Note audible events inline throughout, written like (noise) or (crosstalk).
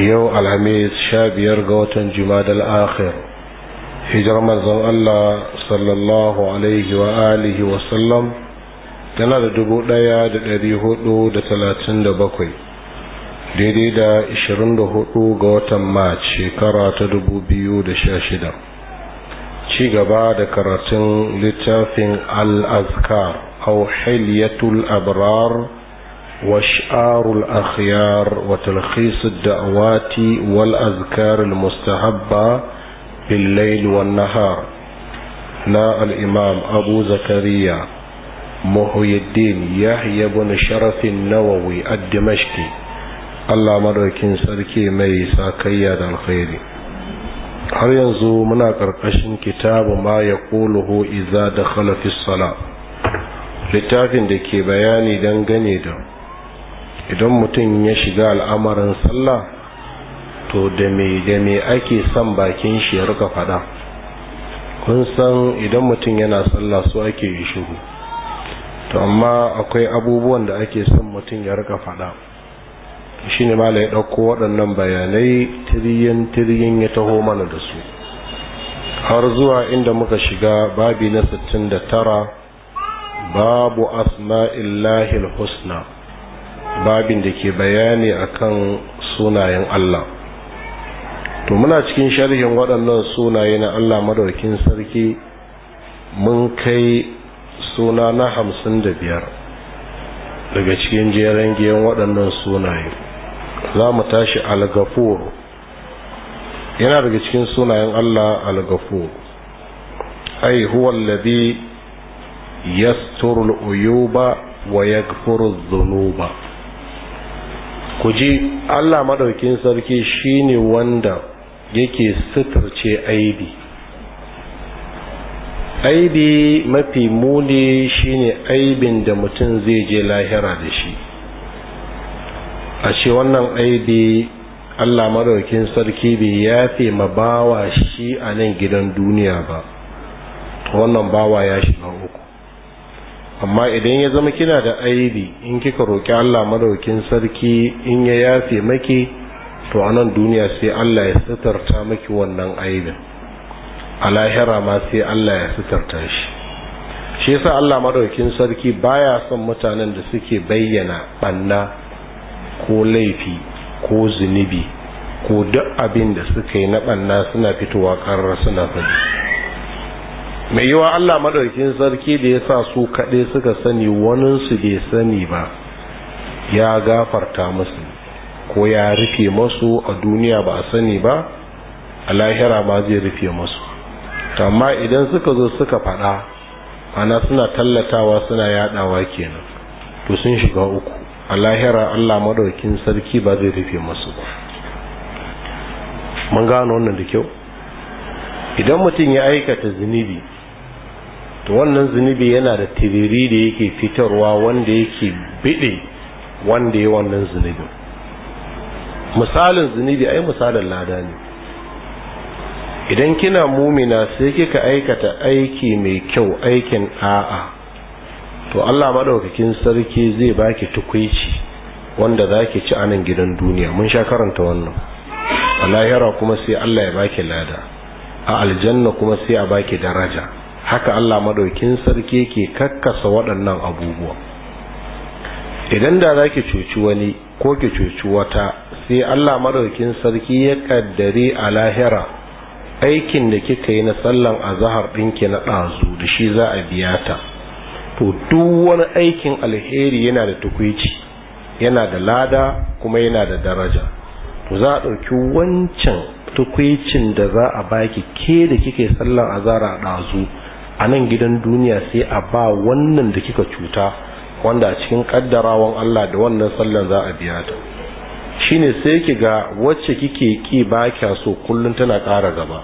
yau alhamis sha biyar ga watan jumadal akhir hijar manzon Allah sallallahu alaihi wa alihi wa sallam tana da dubu daya da dari hudu da talatin da bakwai daidai da ishirin da hudu ga watan mac shekara ta dubu biyu da sha shida ci gaba da karatun littafin al-azkar au hilyatul abrar واشعار الأخيار وتلخيص الدعوات والأذكار المستحبة بالليل والنهار نا الإمام أبو زكريا محي الدين يحيى بن شرف النووي الدمشقي الله مدركين سركي مي ساكيا الخير har yanzu muna ƙarƙashin kitabu ma ya ƙuluhu iza da khalafis sala littafin da ke bayani dangane da idan mutum ya shiga al'amarin sallah to da me da me ake son bakin shi ya rika fada kun san idan mutum yana sallah so ake yi shiru to amma akwai abubuwan da ake son mutum ya rika fada ne ma ya ɗauko waɗannan bayanai tiriyan tiriyan ya taho mana da su har zuwa inda muka shiga babi na 69 babu asma'illahi husna babin da ke bayani akan sunayen Allah to muna cikin sharhin waɗannan sunaye na Allah madaukin sarki mun kai suna na hamsin da biyar daga cikin jeren giyan waɗannan sunaye za mu tashi algafur yana daga cikin sunayen Allah algafur ai huwa alladhi yasturul uyuba wa yaghfiru dhunuba ku ji Allah maɗaukin sarki shine wanda yake suturce aibi aibi mafi muni shine aibin da mutum zai je lahira da shi a ce wannan aibi Allah maɗaukin sarki bai yafe ma bawa shi a nan gidan duniya ba wannan bawa ya shiga uku amma idan ya zama kina da aibi in kika roƙi Allah madaukin sarki in ya yafe maki to a nan duniya sai Allah ya sutarta maki wannan aibin a lahira ma sai Allah ya sutarta shi shi yasa Allah madaukin sarki baya son mutanen da suke bayyana banna ko laifi ko zunubi ko duk abin da suka yi na banna suna fitowa karar suna faɗi mai yiwa Allah madaukin sarki da ya sa su kaɗai suka sani waninsu bai sani ba ya gafarta musu ko ya rufe masu a duniya ba a sani ba a lahira ba zai rufe masu amma idan suka zo suka faɗa ana suna tallatawa suna yadawa kenan to sun shiga uku a lahira Allah madaukin sarki ba zai rufe masu ba mun gano wannan da kyau idan mutum ya aikata zunubi to wannan zunubi yana da tiriri da yake fitarwa wanda yake bide wanda ya wannan zunubi misalin zunubi ai misalin lada ne idan kina mumina sai kika aikata aiki mai kyau aikin a'a to Allah madaukakin sarki zai baki tukuici wanda zaki ci anan gidan duniya mun sha karanta wannan a lahira kuma sai Allah ya baki lada a aljanna kuma sai a baki daraja haka Allah madaukin sarki ke kakkasa waɗannan abubuwa idan da zaki cuci wani ko ki cuci wata sai Allah madaukin sarki ya kaddare a lahira aikin da kika yi na sallan azhar ɗinki na ɗazu da shi za a biya ta to duk wani aikin alheri yana da tukwici yana da lada kuma yana da daraja to za a ɗauki wancan tukwicin da za a baki ke da kike sallan azhar a ɗazu a nan gidan duniya sai a ba wannan da kika cuta wanda a cikin kaddarawan Allah da wannan sallan za a biya ta shine sai ki ga wacce kike ki ba kya so kullun tana ƙara gaba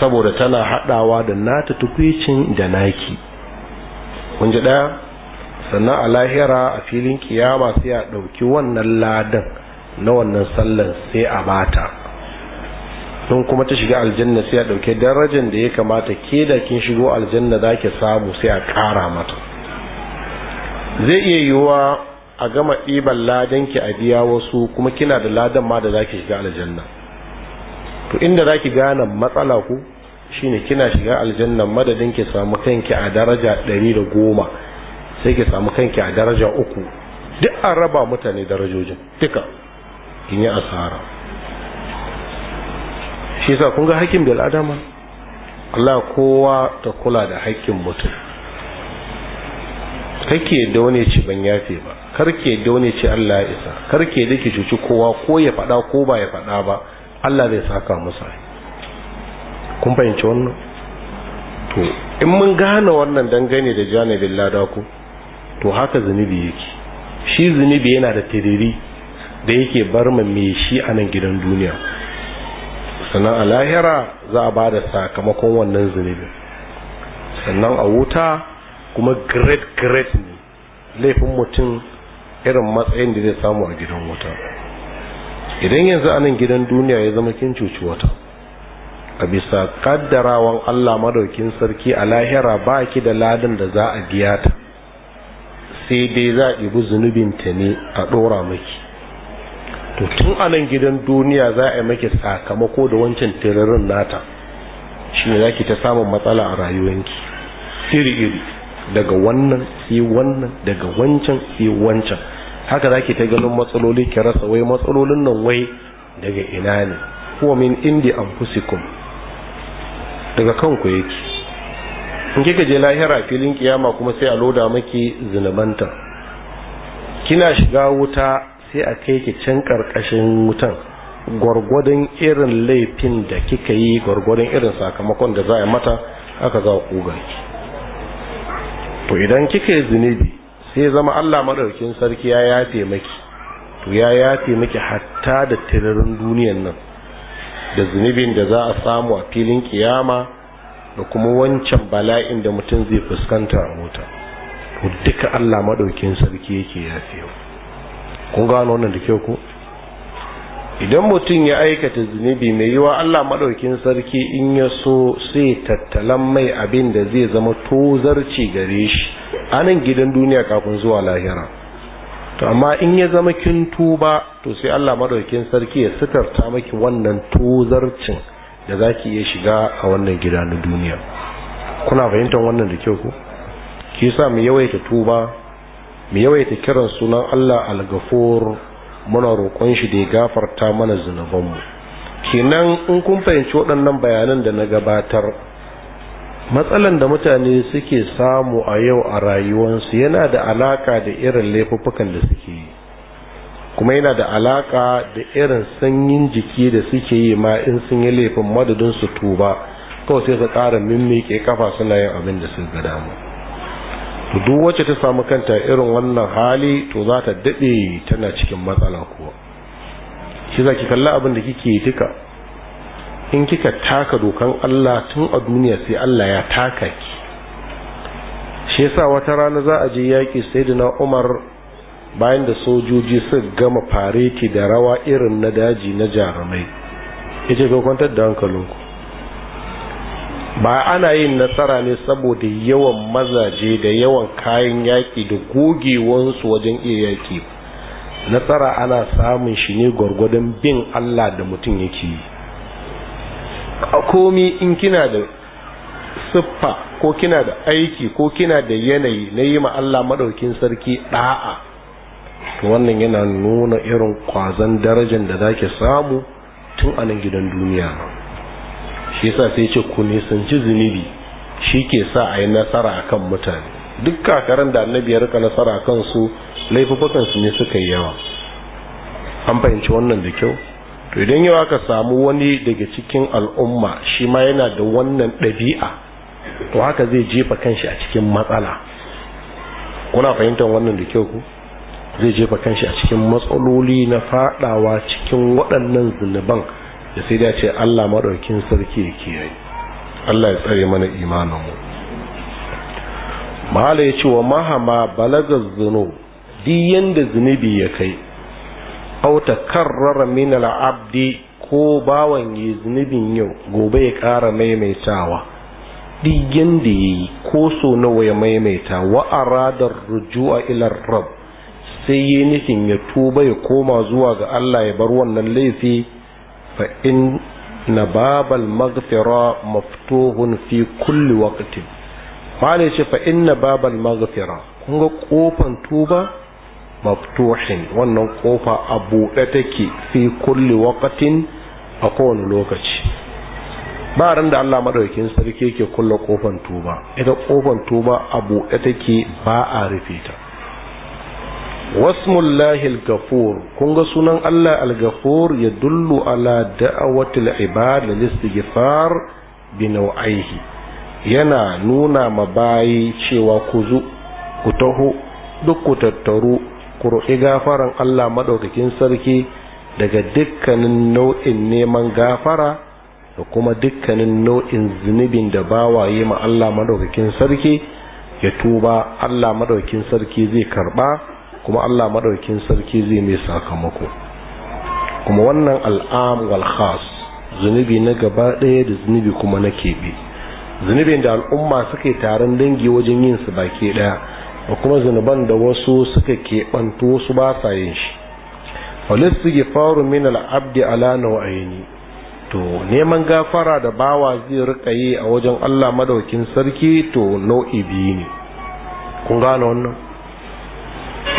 saboda tana haɗawa da nata tukwicin da naki kun ji ɗaya, sannan a lahira a filin kiyama sai a ɗauki wannan ladan na wannan sallan sai a bata in kuma ta shiga aljanna sai a ɗauke darajar da ya kamata ke da kin shigo aljanna za ki samu sai a kara mata zai iya yiwuwa a gama ɗiban ladan ki a biya wasu kuma kina da ladan ma da za ki shiga aljanna to inda za ki gane matsala ku shine kina shiga aljanna madadin ki samu kanki a daraja ɗari da goma sai ki samu kanki a daraja uku duk an raba mutane darajojin duka kin yi asara shi sa kun ga haƙƙin bil adama Allah kowa ta kula da haƙƙin mutum kake da wani ci ban yafe ba karke da wani ci Allah ya isa karke da ki cuci kowa ko ya faɗa ko ba ya faɗa ba Allah zai saka musa kun fahimci wannan to in mun gane wannan dangane da janibin ladaku to haka zunubi yake shi zunubi yana da tiriri da yake bar mai shi a nan gidan duniya sannan a lahira za a ba da sakamakon wannan zunubin sannan a wuta kuma great great ne laifin mutum irin matsayin da zai samu a gidan wuta idan yanzu a nan gidan duniya ya zama kin cuci wata a bisa kaddarawan allah madaukin sarki a lahira ba ki da ladin da za a biya ta sai dai za a ibi ta ne a ɗora maki to tun anan gidan duniya za a yi maki sakamako da wancan tiririn nata shi ne za ki ta samun matsala a rayuwanki siri iri daga wannan sai wannan daga wancan sai wancan haka za ki ta ganin matsaloli ki rasa wai matsalolin nan wai daga ina ne huwa min indi fusikun daga kanku yake in kika je lahira filin kiyama kuma sai a loda maki zinabanta kina shiga wuta sai a kai ki can karkashin wutan gwargwadon irin laifin da kika yi gwargwadon irin sakamakon da za a mata aka za kuga to idan kika yi zunubi sai zama Allah Maɗaukin sarki ya yafe maki to ya yafe maki hatta da tirarin duniyan nan da zunubin da za a samu a filin kiyama da kuma wancan bala'in da mutum zai fuskanta a mota to duka Allah Maɗaukin sarki yake yau. kun gano wannan da kyau ko idan mutum ya aikata zunubi mai yiwa Allah maɗaukin sarki in ya so sai tattalan mai abin da zai zama tozarci gare shi anan gidan duniya kafin zuwa lahira to amma in ya zama kin tuba to sai Allah maɗaukin sarki ya sitarta maki wannan tozarcin da za ki iya shiga a wannan gida na duniya kuna fahimtar wannan da kyau ku ki sa mu yawaita tuba mu yawaita kiran sunan Allah al-Ghafur muna roƙon shi da ya gafarta mana zunubanmu kenan in kun fahimci waɗannan bayanan da na gabatar matsalan da mutane suke samu a yau a rayuwarsu yana da alaka da irin laifuffukan da suke yi kuma yana da alaka da irin sanyin jiki da suke yi ma in sun yi laifin madadin su tuba kawai sai su ƙara mimmiƙe kafa suna yin abin da sun ga damu to duk wacce ta samu kanta irin wannan hali to za ta daɗe tana cikin matsala kuwa shi za ki kalla abin da kike duka in kika taka dokan Allah tun a duniya sai Allah ya taka ki shi yasa wata rana za a je yaƙi sayyidina Umar bayan da sojoji suka gama fareti da rawa irin na daji na jarumai yace ko kwantar da hankalinku ba ana yin nasara ne saboda yawan mazaje da yawan kayan yaƙi da gogewansu wajen iya yaƙi nasara ana samun shi ne gwargwadon bin Allah da mutum yake yi a komi in kina da siffa ko kina da aiki ko kina da yanayi na yi ma Allah maɗaukin sarki ɗa'a wannan yana nuna irin kwazon darajar da zake samu tun a nan gidan duniya shi yasa sai ce ku nisanci zunubi shi ke sa a yi nasara akan mutane duk kakarin da annabi ya rika nasara akan su laifukan su ne suka yi yawa an fahimci wannan da kyau to idan yau aka samu wani daga cikin al'umma shi ma yana da wannan ɗabi'a to haka zai jefa kanshi a cikin matsala kuna fahimtar wannan da kyau ku zai jefa kanshi a cikin matsaloli na fadawa cikin waɗannan zunuban da sai dace Allah maɗaukin sarki ya kiyaye Allah ya tsare mana imaninmu mahala ya ce wa mahama balagar zuno di yanda zunubi ya kai auta karrara min al'abdi ko bawan yi zunubin yau gobe ya ƙara maimaitawa di yanda ya yi ko so nawa ya maimaita wa aradar rujua ilar rab sai ya nufin ya tuba ya koma zuwa ga Allah ya bar wannan laifi fa in na babal maghfira maftuhun fi kulli waqtin mala ce fa inna babal kofan tuba maftuhin wannan kofa a buɗe take fi kulli waqtin a kowane lokaci ba ran da Allah maɗaukin sarki ke kulle kofan tuba ita kofan tuba a buɗe take ba a rufe ta wasmullahi al-ghafur kun ga sunan Allah AlGaFur ya dullu ala da'awatil yana nuna ma bayi cewa ku zu ku taho duk ku tattaru ku roƙi gafaran Allah madaukakin sarki daga dukkanin nau'in neman gafara da kuma dukkanin nau'in zunubin da bawaye ma Allah madaukakin sarki ya tuba Allah madaukakin sarki zai karba kuma Allah maɗaukin sarki zai mai sakamako kuma wannan al'am wal khas zunubi na gaba ɗaya da zunubi kuma na keɓe zunubin da al'umma suka yi taron dangi wajen yin su baki ɗaya da kuma zunuban da wasu suka keɓanto su ba sa yin shi walisu faru min al'abdi ala nau'aini to neman gafara da bawa zai rika yi a wajen Allah madaukin sarki to nau'i biyu ne kun gane wannan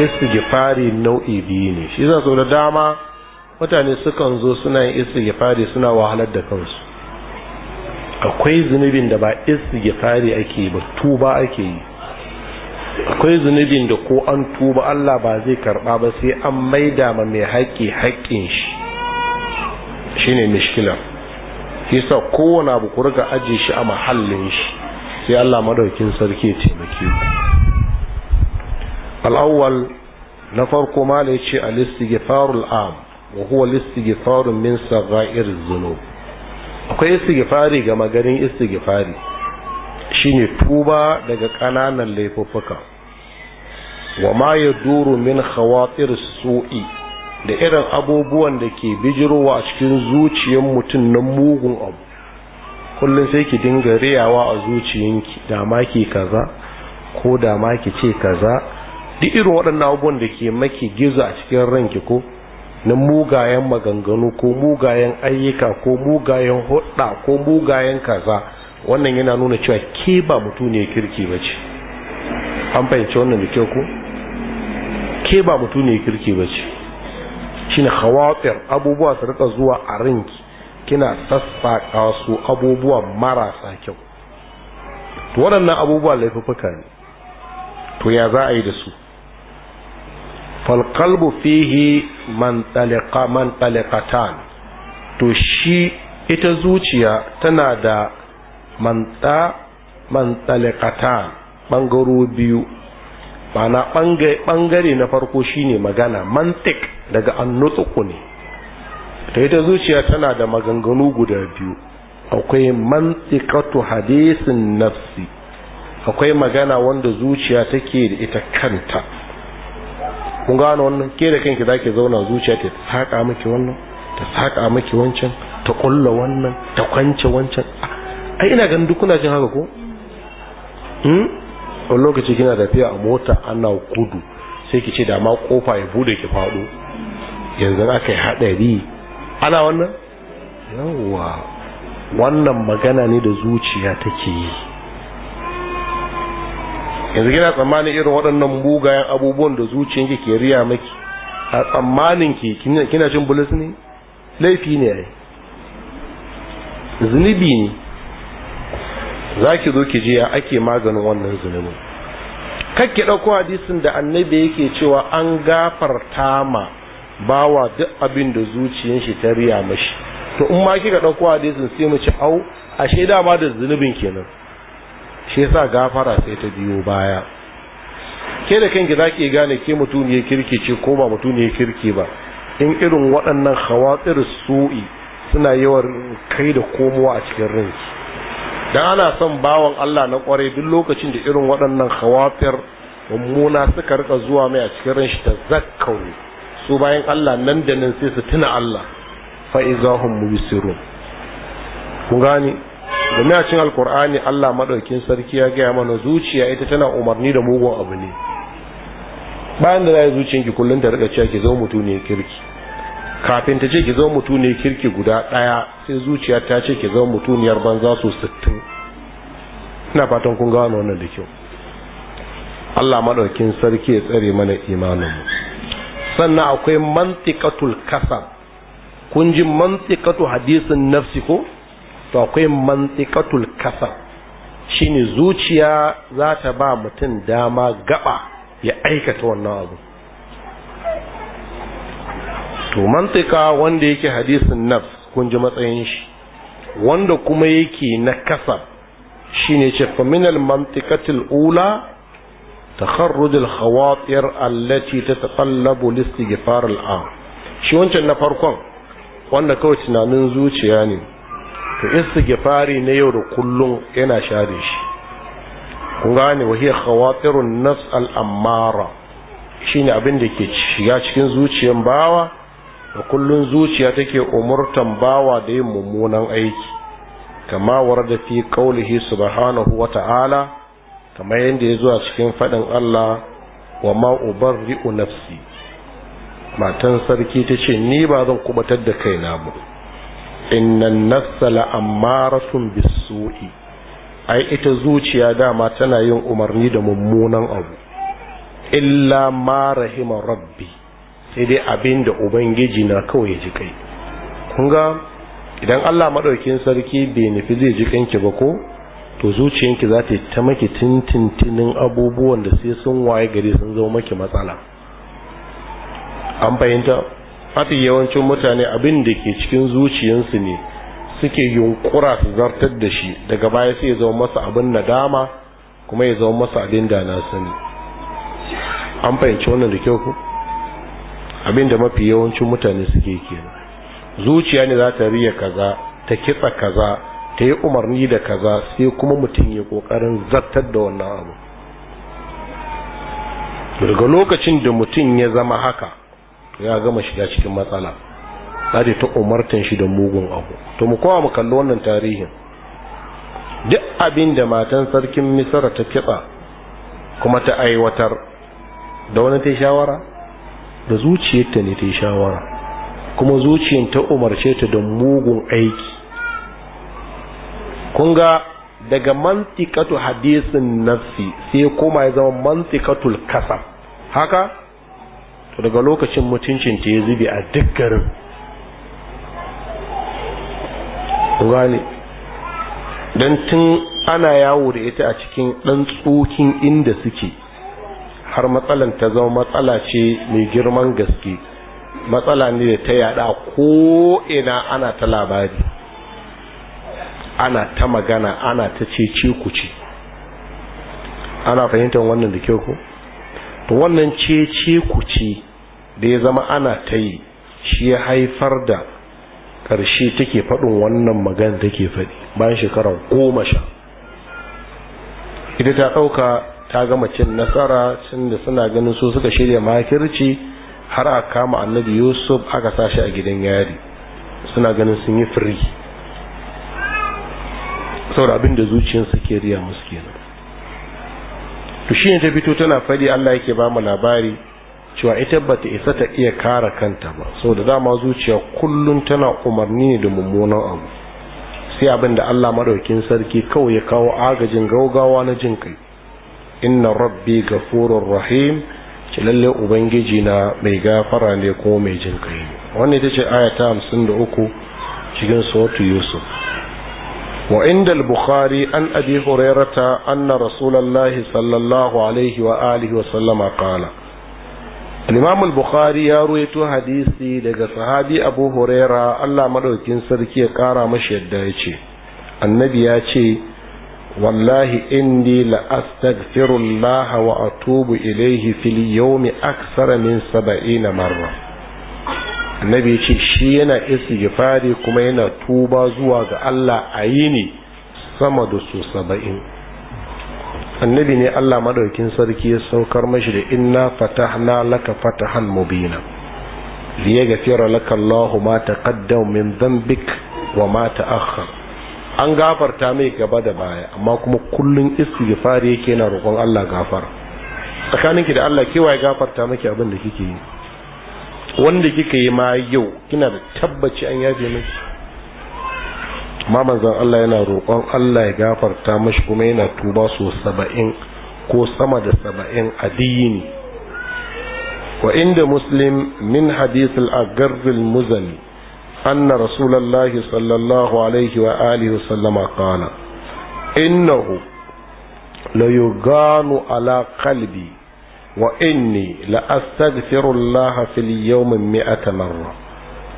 istighfari nau'i biyu ne shi za da dama mutane sukan zo suna yin istighfari suna wahalar da kansu akwai zunubin da ba istighfari ake ba tuba ake yi akwai zunubin da ko an tuba Allah ba zai karba ba sai an maida ma mai haƙi haƙin shi shine mishkilar yasa kowane abu ku riga aje shi a mahallin shi sai Allah madaukin sarki ya taimake ku al'awwal na farko ma da yace al-istighfarul am wa huwa min akwai istighfari ga maganin istighfari shine tuba daga kananan laifuffuka wa ma yaduru min khawatir su'i da irin abubuwan da ke bijirowa a cikin zuciyar mutum na mugun abu kullum sai ki dinga riyawa a zuciyanki da ma ki kaza ko da ma ki ce kaza duk irin waɗannan abubuwan da ke maki gizo a cikin ranki ko na mugayen maganganu ko mugayen ayyuka ko mugayen hudda ko mugayen kaza wannan yana nuna cewa ke ba ne kirki ba ce an fahimci wannan da kyau ko ke ba ne kirki ba ce shine khawatir abubuwa su rika zuwa a ranki kina sassaƙa su abubuwa marasa kyau to waɗannan abubuwa laifuka ne to ya za a yi da su falqalbu fihi man talqa to shi ita zuciya tana da manta man talqatan bangaro biyu bana ɓangare na farko shine magana mantik daga annutuku ne ta ita zuciya tana da maganganu guda biyu akwai mantikatu hadisin nafsi akwai magana wanda zuciya take da ita kanta kun gano wannan ke da kanki zaki zauna zuciya ta saka miki wannan ta saka miki wancan ta kulla wannan ta kwance wancan ai ina ganin duk kuna jin haka ko hmm a lokaci kina tafiya a mota ana gudu sai ki ce da ma kofa ya bude ki faɗo yanzu aka yi haɗari ana wannan yawwa wannan magana ne da zuciya take yi yanzu kina tsammanin irin waɗannan mugayen abubuwan da zuciyanki ke riya maki a tsammanin ki kina cin bulus ne laifi ne ai zunubi ne za ki zo ki je ya ake maganin wannan zunubin kakki ɗauko hadisin da annabi yake cewa an gafarta ma bawa duk abin da zuciyar shi ta riya mashi to in ma kika ɗauko hadisin sai mu ci au ashe dama da zunubin kenan shi yasa gafara sai ta biyo baya ke da kanki zaki gane ke mutuniyar kirki ce ko ba mutuniyar kirki ba in irin waɗannan hawatsir su'i suna yawan kai da komowa a cikin ranki dan ana son bawan Allah na kwarai duk lokacin da irin waɗannan hawatsir mummuna suka rika zuwa mai a cikin ranshi ta zakkauri su bayan Allah nan da nan sai su tuna Allah fa izahum mubsirun ku gani domin a cin alkur'ani allah maɗaukin sarki ya gaya mana zuciya ita tana umarni da mugun abu ne bayan da za a yi zuciyanki kullum da riga cewa ki zo mutu ne kirki kafin ta ce ki zo mutu ne kirki guda ɗaya sai zuciya ta ce ki zo yarban banza su sittin ina fatan kun gano wannan da kyau allah maɗaukin sarki ya tsare mana imaninmu sannan akwai mantikatul kasa, kun ji mantikatu hadisin nafsi ko to akwai mantikatul kasar shine zuciya za ta ba mutum dama gaba ya aikata wannan abu to mantika wanda yake hadisin nafs kun ji matsayin shi wanda kuma yake na kasar shine ce faminal mantikatul ula تخرج الخواطر التي تتطلب الاستغفار الآن shi wancan na farkon wanda kawai tunanin zuciya ne to istighfari na yau da kullum yana share shi kun gane wa hiya khawatirun nafs al ammara shine abin da ke shiga cikin zuciyar bawa da kullun zuciya take umurtan bawa da yin mummunan aiki kama warda fi qaulihi subhanahu wa ta'ala kamar yadda ya zuwa cikin fadin Allah wa ma ubarri'u nafsi matan sarki tace ni ba zan kubatar da kaina ba innan nafsa la'ammaratun bisu'i ai ita zuciya dama tana yin umarni da mummunan abu illa ma rahima rabbi sai dai abin da ubangiji na kawai ji kai kun ga idan Allah madaukin sarki bai nufi zai ji kanki ba ko to zuciyanki za ta ta maki tintintinin abubuwan da sai sun waye gari sun zama maki matsala an fahimta mafi yawancin mutane abin da ke cikin zuciyarsu ne suke yunkura su zartar da shi daga baya sai ya zama masa abin nadama kuma ya zama masa abin da na sani an fahimci wannan da kyau ku abin da mafi yawancin mutane suke kenan zuciya ne za ta riya kaza ta kitsa kaza ta yi umarni da kaza sai kuma mutum ya kokarin zartar da wannan abu daga lokacin da mutum ya zama haka ya gama shiga cikin matsala tsari ta umartan shi da mugun abu to mu kowa mu kalli wannan tarihin duk abin da matan sarkin misra ta kitsa kuma ta aiwatar da wani ta shawara da zuciyarta ne ta shawara kuma zuciyar ta umarce ta da mugun aiki kun ga daga mantikatu hadisin nafsi sai kuma ya zama mantikatul kasab haka to daga lokacin mutuncin ta ya zube a duk garin gane don tun ana yawo da ita a cikin ɗan tsokin inda suke har matsalan ta zama matsala ce mai girman gaske matsala ne da ta yada ko ina ana ta labari ana ta magana ana ta ce ce ku ce ana fahimtar wannan da kyau ko to wannan ce ce ku ce da ya zama ana ta yi shi ya haifar da ƙarshe take faɗin wannan magana take faɗi bayan shekarar goma sha ita ta ɗauka ta gama cin nasara cin da suna ganin su suka shirya makirci har a kama annabi yusuf aka sa shi a gidan yari suna ganin sun yi firi saboda abin da zuciyarsu ke riya musu kenan to shi ta fito tana fadi Allah yake ba mu labari cewa ita bata isa ta iya kara kanta ba da dama zuciya kullum tana umarni ne da mummunan abu sai abin da Allah madaukin sarki kawai ya kawo agajin gaugawa na jin kai inna rabbi ghafurur rahim ce lalle ubangiji na mai gafara ne ko mai jin kai wannan ita ce aya ta 53 cikin suratul yusuf وعند Bukhari an abi هريره ان رسول الله صلى الله عليه واله وسلم قال الامام البخاري يروي تو حديثي daga sahabi abu huraira Allah madaukin sarki ya ƙara mashi yadda yace annabi ya ce wallahi indi la astaghfirullah wa atubu fili yaumi yawmi akthara min 70 marra annabi ce shi yana istighfari kuma yana tuba zuwa ga Allah a yini sama da su saba'in annabi ne Allah madaukin sarki ya saukar mashi da inna fatahna laka fatahan mubina liyaghfira laka Allahu ma taqaddam min dhanbik wa ma ta'akhkhar an gafarta mai gaba da baya amma kuma kullun istighfari yake na roƙon Allah gafara tsakaninki da Allah kewaye gafarta maki abin da kike yi wanda kika yi ma yau kina da tabbaci an yafe miki ma manzon Allah yana roƙon Allah ya gafarta mashi kuma yana tuba so saba'in ko sama da saba'in addini diyini wa inda muslim min hadith al-agarr al-muzani anna rasulullahi sallallahu alaihi wa alihi sallama qala innahu la yughanu ala qalbi wa inni la astaghfirullah fil yawmi mi'ata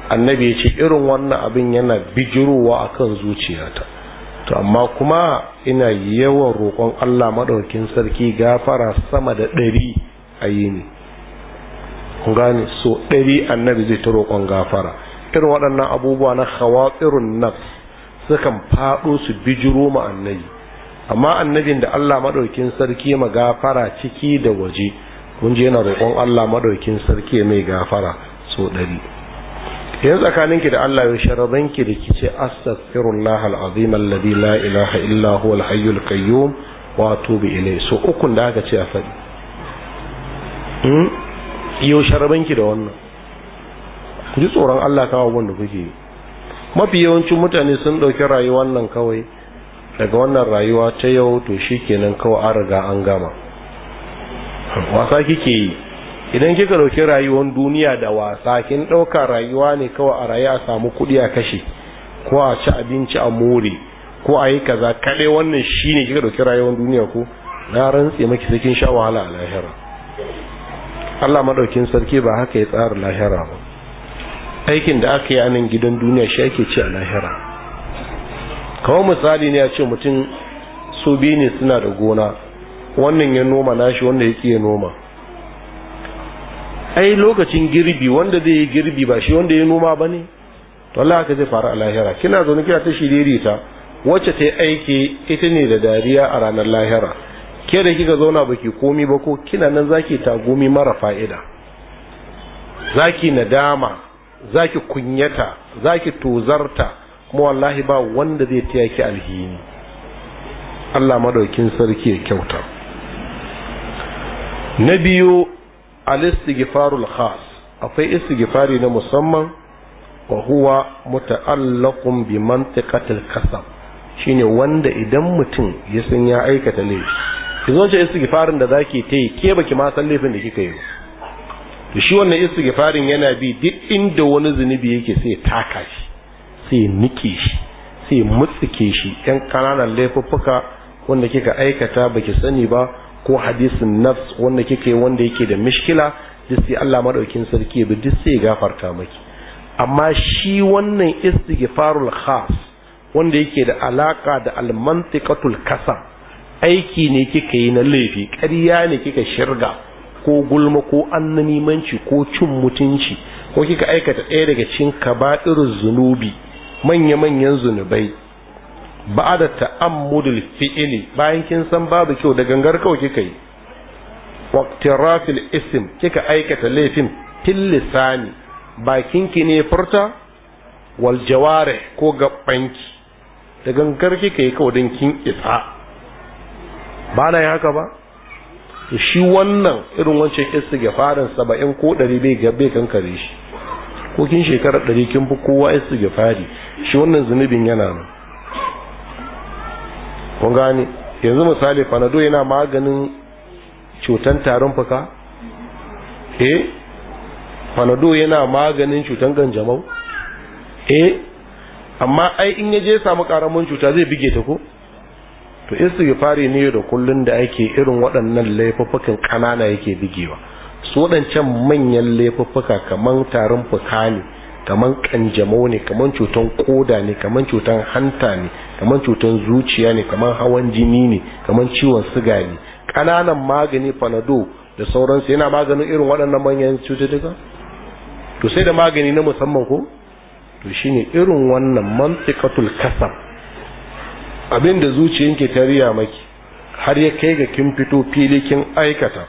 annabi ya ce irin wannan abin yana bijirowa akan zuciyata to amma kuma ina yawan roƙon Allah maɗaukin sarki gafara sama da ɗari a yini kun gane so ɗari annabi zai ta roƙon gafara irin waɗannan abubuwa na hawa irin nafs sukan faɗo su bijiro ma annabi amma annabin da Allah madaukin sarki ma gafara ciki da waje kun je yana roƙon Allah madaukin sarki mai gafara so ɗari yan tsakaninki da Allah ya sharabanki da kice astaghfirullah alazim alladhi la ilaha illa huwa alhayyul qayyum wa atubu ilayhi so ukun da aka ce a faɗi hmm yau sharabanki da wannan ku ji tsoron Allah kawo wanda kuke mafi yawancin mutane sun ɗauki rayuwar nan kawai daga wannan rayuwa ta yau to shi kenan kawai an riga an gama wasa kike yi idan kika ɗauki rayuwar duniya da wasa kin ɗauka rayuwa ne kawai a rayu a samu kuɗi a kashe ko a ci abinci a more ko a yi kaza kaɗai wannan shi ne kika dauki rayuwar duniya ko na rantse maki sai kin sha wahala a lahira Allah maɗaukin sarki ba haka ya tsara lahira ba aikin da aka yi a nan gidan duniya shi ake ci a lahira kawai misali ne ya ce mutum su biyu ne suna da gona wannan ya noma nashi wanda ya ya noma ai lokacin girbi wanda zai yi girbi ba shi wanda ya noma ba ne wallah haka zai faru a lahira kina zaune kina ta shiriri ta wacce ta yi aiki ita ne da dariya a ranar lahira ke da kika zauna ba ki komi ba ko kina nan zaki tagomi mara fa'ida zaki nadama zaki kunyata zaki tozarta mu wallahi ba wanda zai taya ki alhini Allah madaukin sarki ya kyauta na biyu al khas akwai istighfari na musamman wa huwa muta'allaqun bi mantiqatil kasab shine wanda idan mutum ya san ya aikata laifi ki zo ce istighfarin da zaki ta yi ke baki ma san laifin da kika yi to shi wannan istighfarin yana bi duk inda wani zunubi yake sai taka shi sai nike shi sai mutsike shi yan kananan laifuffuka wanda kika aikata baki sani ba ko hadisin nafs wanda kika yi wanda yake da mishkila duk sai Allah madaukin sarki ya bi duk sai gafarta miki amma shi wannan istighfarul khas wanda yake da alaka da almantiqatul kasam aiki ne kika yi na laifi ƙarya ne kika shirga ko gulma ko annanimanci ko cin mutunci ko kika aikata ɗaya daga cin kaba'irul zunubi manya-manyan zunubai ba da ta'ammudul fi'ili bayan kin san babu kyau da gangar kawai kika yi waqtirafil ism kika aikata laifin fil lisani bakinki ne furta wal jaware ko gabanki da gangar kika yi kawai don kin isa ba na haka ba to shi wannan irin wancan istighfarin saba'in ko ɗari bai gabe kankare shi ko kin shekara ɗari kin fi kowa fari shi wannan zunubin yana nan kun gane yanzu misali fanado yana maganin cutan tarin fuka eh fanado yana maganin cutan ganjamau eh amma ai in ya je samu karamin cuta zai bige ta ko to istighfari ne da kullun da ake irin waɗannan laifuffukan kanana yake bigewa su waɗancan manyan laifuffuka kaman tarin fuka ne kaman kanjamau ne kaman cutan koda ne kaman cutan hanta ne kaman cutan zuciya ne kaman hawan jini ne kaman ciwon siga ne ƙananan magani panado da sauransu yana maganin irin waɗannan manyan cututtuka to sai da magani na musamman ko to shine irin wannan mantikatul kasab abinda zuciyanki ta riya maki har ya kai ga kin fito fili kin aikata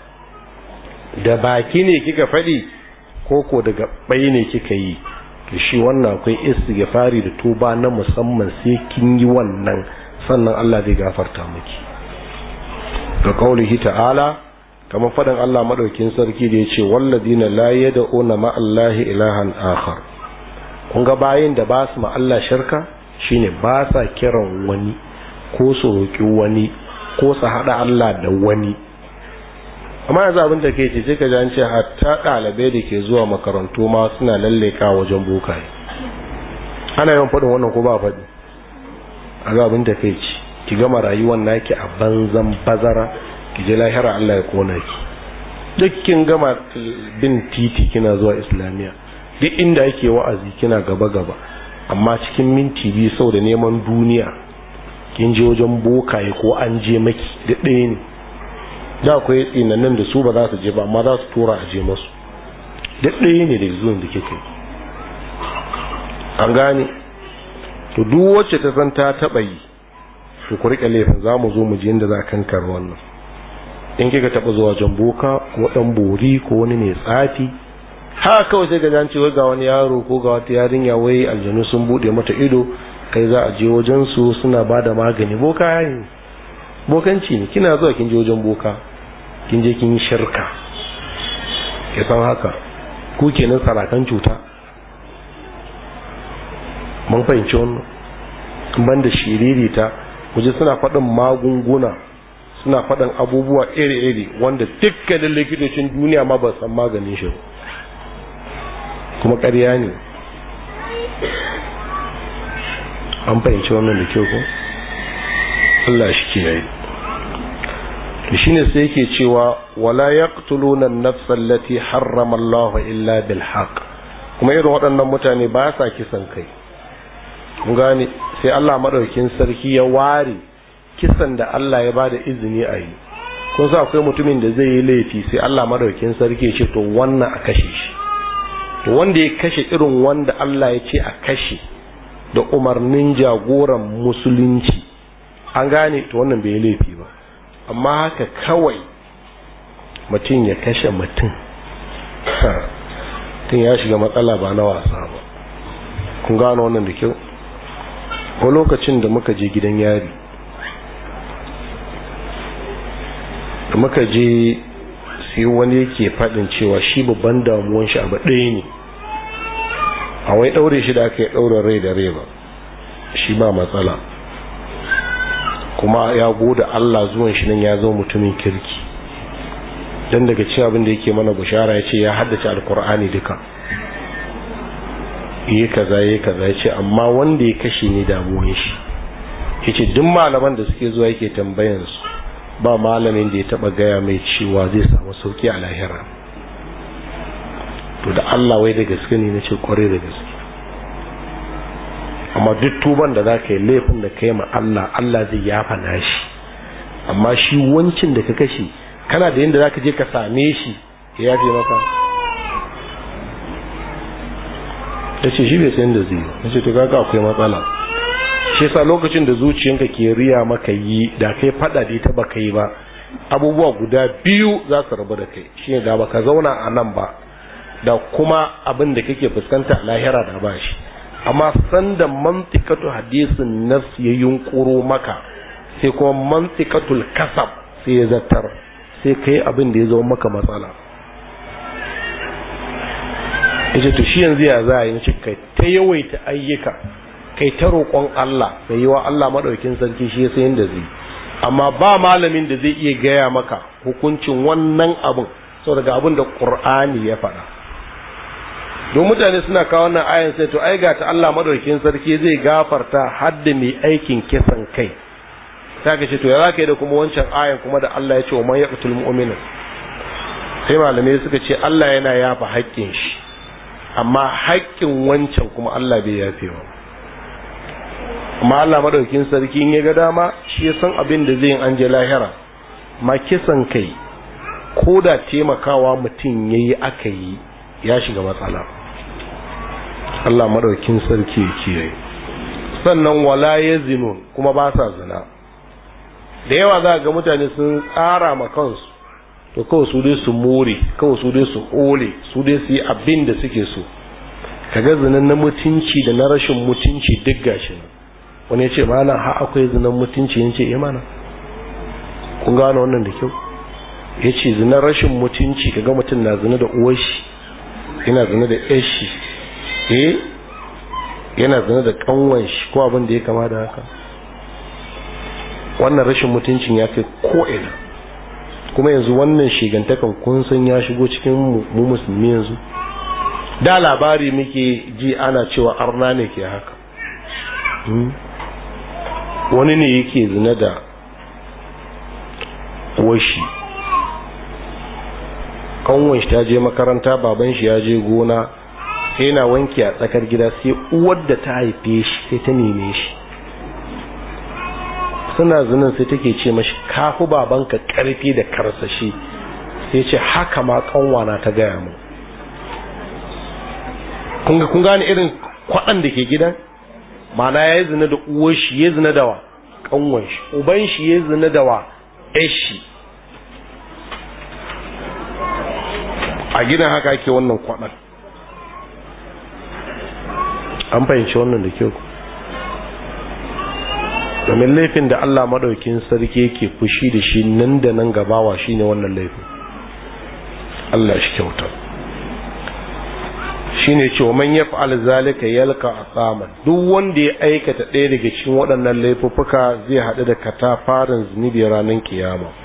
da baki ne kika faɗi ko ko da bai ne kika yi to shi wannan akwai istighfari da tuba na musamman sai kin yi wannan sannan Allah zai gafarta miki ga kaulihi ta'ala kamar faɗin Allah madaukin sarki da yace walladina la yad'una ma Allah ilahan akhar kun ga bayin da ba su ma Allah shirka shine ba sa kiran wani ko su roki wani ko su hada Allah da wani amma yanzu abin da ke ce sai ka jance hatta ɗalibai da ke zuwa makarantu ma suna lalleka wajen bokaye ana yawan faɗin wannan ko ba faɗi a ga abin da ke ce ki gama rayuwar naki a banzan bazara ki je lahira Allah ya kona ki duk kin gama bin titi kina zuwa islamiyya duk inda ake wa'azi kina gaba gaba amma cikin minti biyu sau da neman duniya kin je wajen bokaye ko an je maki da ɗaya ne da akwai tsinannin da su ba za su je ba amma za su tura a je masu duk ɗaya ne da zuwan da kike an gane to duk wacce ta san ta taɓa yi to ku riƙe laifin za mu zo mu je inda za a kankar wannan in kika taɓa zuwa jamboka ko ɗan bori ko wani mai tsafi ha kawai sai ga ce ga wani yaro ko ga wata yarinya wai aljanu sun buɗe mata ido kai za a je wajen su suna ba da magani boka ne bokanci ne kina zuwa kin je wajen boka kin je kin yi shirka ke san haka ku kenan sarakan cuta mun fahimci wannan ban da shiririta kuje suna faɗin magunguna suna faɗin abubuwa iri-iri wanda dukkanin likitocin duniya ma ba san maganin shi kuma ƙarya ne an fahimci wannan da kyau ko Allah shi ke yi shine sai yake cewa wala yaqtuluna an-nafs allati harrama Allah illa bil haqq kuma irin waɗannan mutane ba sa kisan kai kun gane sai Allah madaukin sarki ya ware kisan da Allah ya bada izini a yi kun sa akwai mutumin da zai yi laifi sai Allah madaukin sarki ya ce to wannan a kashe shi to wanda ya kashe irin wanda Allah ya ce a kashe da umarnin jagoran musulunci an gane to wannan bai laifi ba amma haka kawai mutum ya kashe mutum tun ya shiga matsala ba na wasa ba kun gano wannan da kyau ko lokacin da muka je gidan yari da muka je sai wani yake fadin cewa shi babban damuwan shi abu ɗaya ne a wai ɗaure shi da aka yi ɗaure rai da rai ba shi ba matsala kuma ya goda Allah zuwan shi nan ya zo mutumin kirki dan daga cikin abin da yake mana bushara ya ce ya haddace alkur'ani duka yi kaza yi kaza ya ce amma wanda ya kashe ni damuwar shi ya ce duk malaman da suke zuwa yake tambayan su ba malamin da ya taba gaya mai cewa zai samu sauki a lahira to da Allah wai da gaske ne na ce kwarai da gaske amma duk tuban da za ka yi laifin da ka yi ma Allah Allah zai yafa shi amma shi wancin da ka kashe kana da yadda za ka je ka same shi ya yafe maka ya ce shi bai sayan da zai ya ce to ka akwai matsala shi sa lokacin da zuciyanka ke riya maka yi da kai fada da ita baka yi ba abubuwa guda biyu za su rabu da kai shine da baka zauna a nan ba da kuma abin da kake fuskanta lahira da bashi. shi amma sanda mantikatu hadisin nas ya yunkuro maka sai kuma mantikatul kasab sai ya zartar sai kai abin da ya zama maka matsala yace to shi yanzu ya za a yi kai ta yawaita ayyuka kai ta roƙon Allah mai yiwa Allah maɗaukin sarki shi sai da zai amma ba malamin da zai iya gaya maka hukuncin wannan abin saboda abin da ƙur'ani ya faɗa don mutane suna kawo wannan ayan sai to ai ga ta Allah madaukin sarki zai gafarta hadda mai aikin kisan kai ta ga ce to ya zaka da kuma wancan ayan kuma da Allah ya ce man yaqtul mu'mina sai malamai suka ce Allah yana yafa haƙƙin shi amma haƙƙin wancan kuma Allah bai yafe ba amma Allah madaukin sarki in ya ga dama shi ya san abin da zai yi an je lahira ma kisan kai ko da taimakawa mutum yayi aka yi ya shiga matsala Allah madaukin sarki ya kiyaye sannan wala ya zinun kuma ba sa zina da yawa za ga mutane sun tsara ma kansu to kawai su dai su more kawai su dai su ole su dai su yi abin da suke so kaga zinan na mutunci da na rashin mutunci duk gashi nan wani ya ce mana ha akwai zinan mutunci ya ce eh, mana kun gano wannan da kyau ya ce zinan rashin mutunci kaga mutum na zina da uwar shi yana zane da ƴar e yana zane da kanwan shi ko abin da ya kama da haka wannan rashin mutuncin ya kai ko'ina kuma yanzu wannan shigantakan kun san ya shigo cikin mu musulmi yanzu da labari muke ji ana cewa arna ne ke haka hmm? wani ne yake zina da washi kanwan shi ta je makaranta baban shi ya je gona sai yana wanki a tsakar gida sai uwar da ta haife shi sai ta neme shi suna zinin sai take ce mashi kafi babanka karfi da karsashi sai ce haka ma kanwana ta gaya mu kun kun gane irin kwaɗan da ke gidan mana ya yi zina da uwar shi ya zina da wa kanwan shi uban shi ya zina da wa ɗan a gina haka ake wannan kwaɗan an fahimci wannan da kyau domin laifin da Allah madaukin sarki yake fushi da shi nan da nan gabawa shi ne wannan laifin Allah shi kyauta shine cewa man yaf'al yalka a asaman duk wanda ya aikata ɗaya daga cikin waɗannan laifuffuka zai haɗu da katafarin zunubi ranar kiyama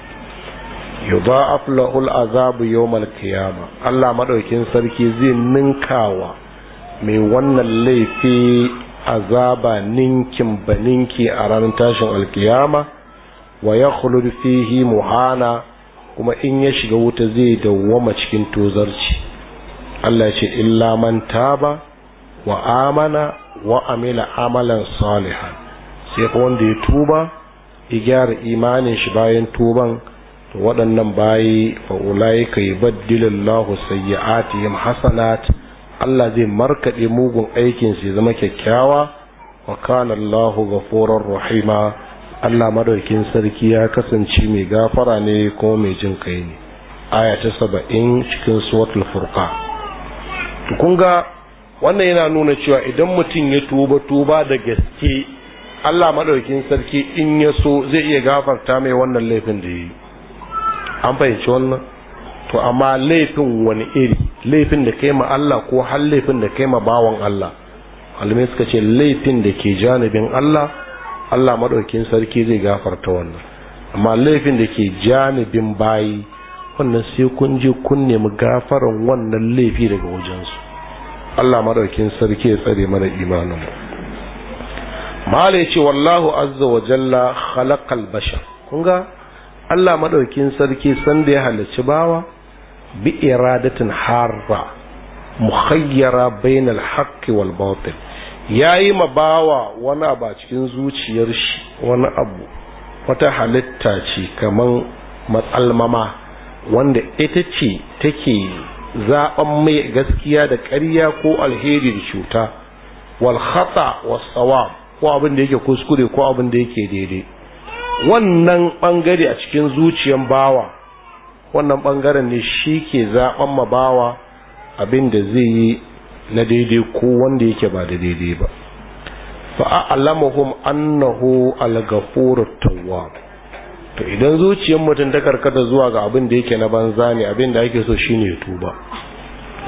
yudha'af lahu al'azabu yawmal qiyama Allah madaukin sarki zai ninkawa mai wannan laifi azaba ninkin baninki a ranar tashin alkiyama wa yakhlud fihi muhana kuma in ya shiga wuta zai dawwama cikin tozarci Allah ce illa man taba wa amana wa amila amalan salihan sai wanda ya tuba ya gyara imanin shi bayan tuban to waɗannan bayi fa ulaika yubaddilullahu sayyi'atihim hasanat Allah zai markaɗe mugun aikin su zama kyakkyawa wa kana Allahu ghafurur rahima Allah madaukin sarki ya kasance mai gafara ne ko mai jin kai ne aya ta 70 cikin suratul furqa to kun ga wannan yana nuna cewa idan mutum ya tuba tuba da gaske Allah madaukin sarki in ya so zai iya gafarta mai wannan laifin da yi an fahimci wannan to amma laifin wani iri laifin da kai ma Allah ko har laifin da kai ma bawan Allah almai suka ce laifin da ke janibin Allah Allah madaukin sarki zai gafarta wannan amma laifin da ke janibin bayi wannan sai kun je kun nemi gafaran wannan laifi daga wajensu Allah madaukin sarki ya tsare mana imanin mu ya ce wallahu azza wa jalla khalaqal bashar kun ga Allah maɗaukin sarki sanda ya halarci bawa bi iradatin harra muhayyara bainal haqqi wal batil yayi ma bawa wani abu cikin zuciyar shi wani abu wata halitta ce kaman matsalmama wanda ita ce take zaɓen mai gaskiya da ƙarya ko alheri da cuta wal khata was sawab ko abin da yake kuskure ko abin da yake daidai wannan bangare a cikin zuciyan bawa wannan bangaren ne shi ke zaɓen ma bawa abin da zai yi na daidai ko wanda yake ba da daidai ba fa'a'alamahum annahu al-ghafurut tawwab to idan zuciyar mutum ta karkata zuwa ga abin da yake na banza ne abin da ake so shine ya tuba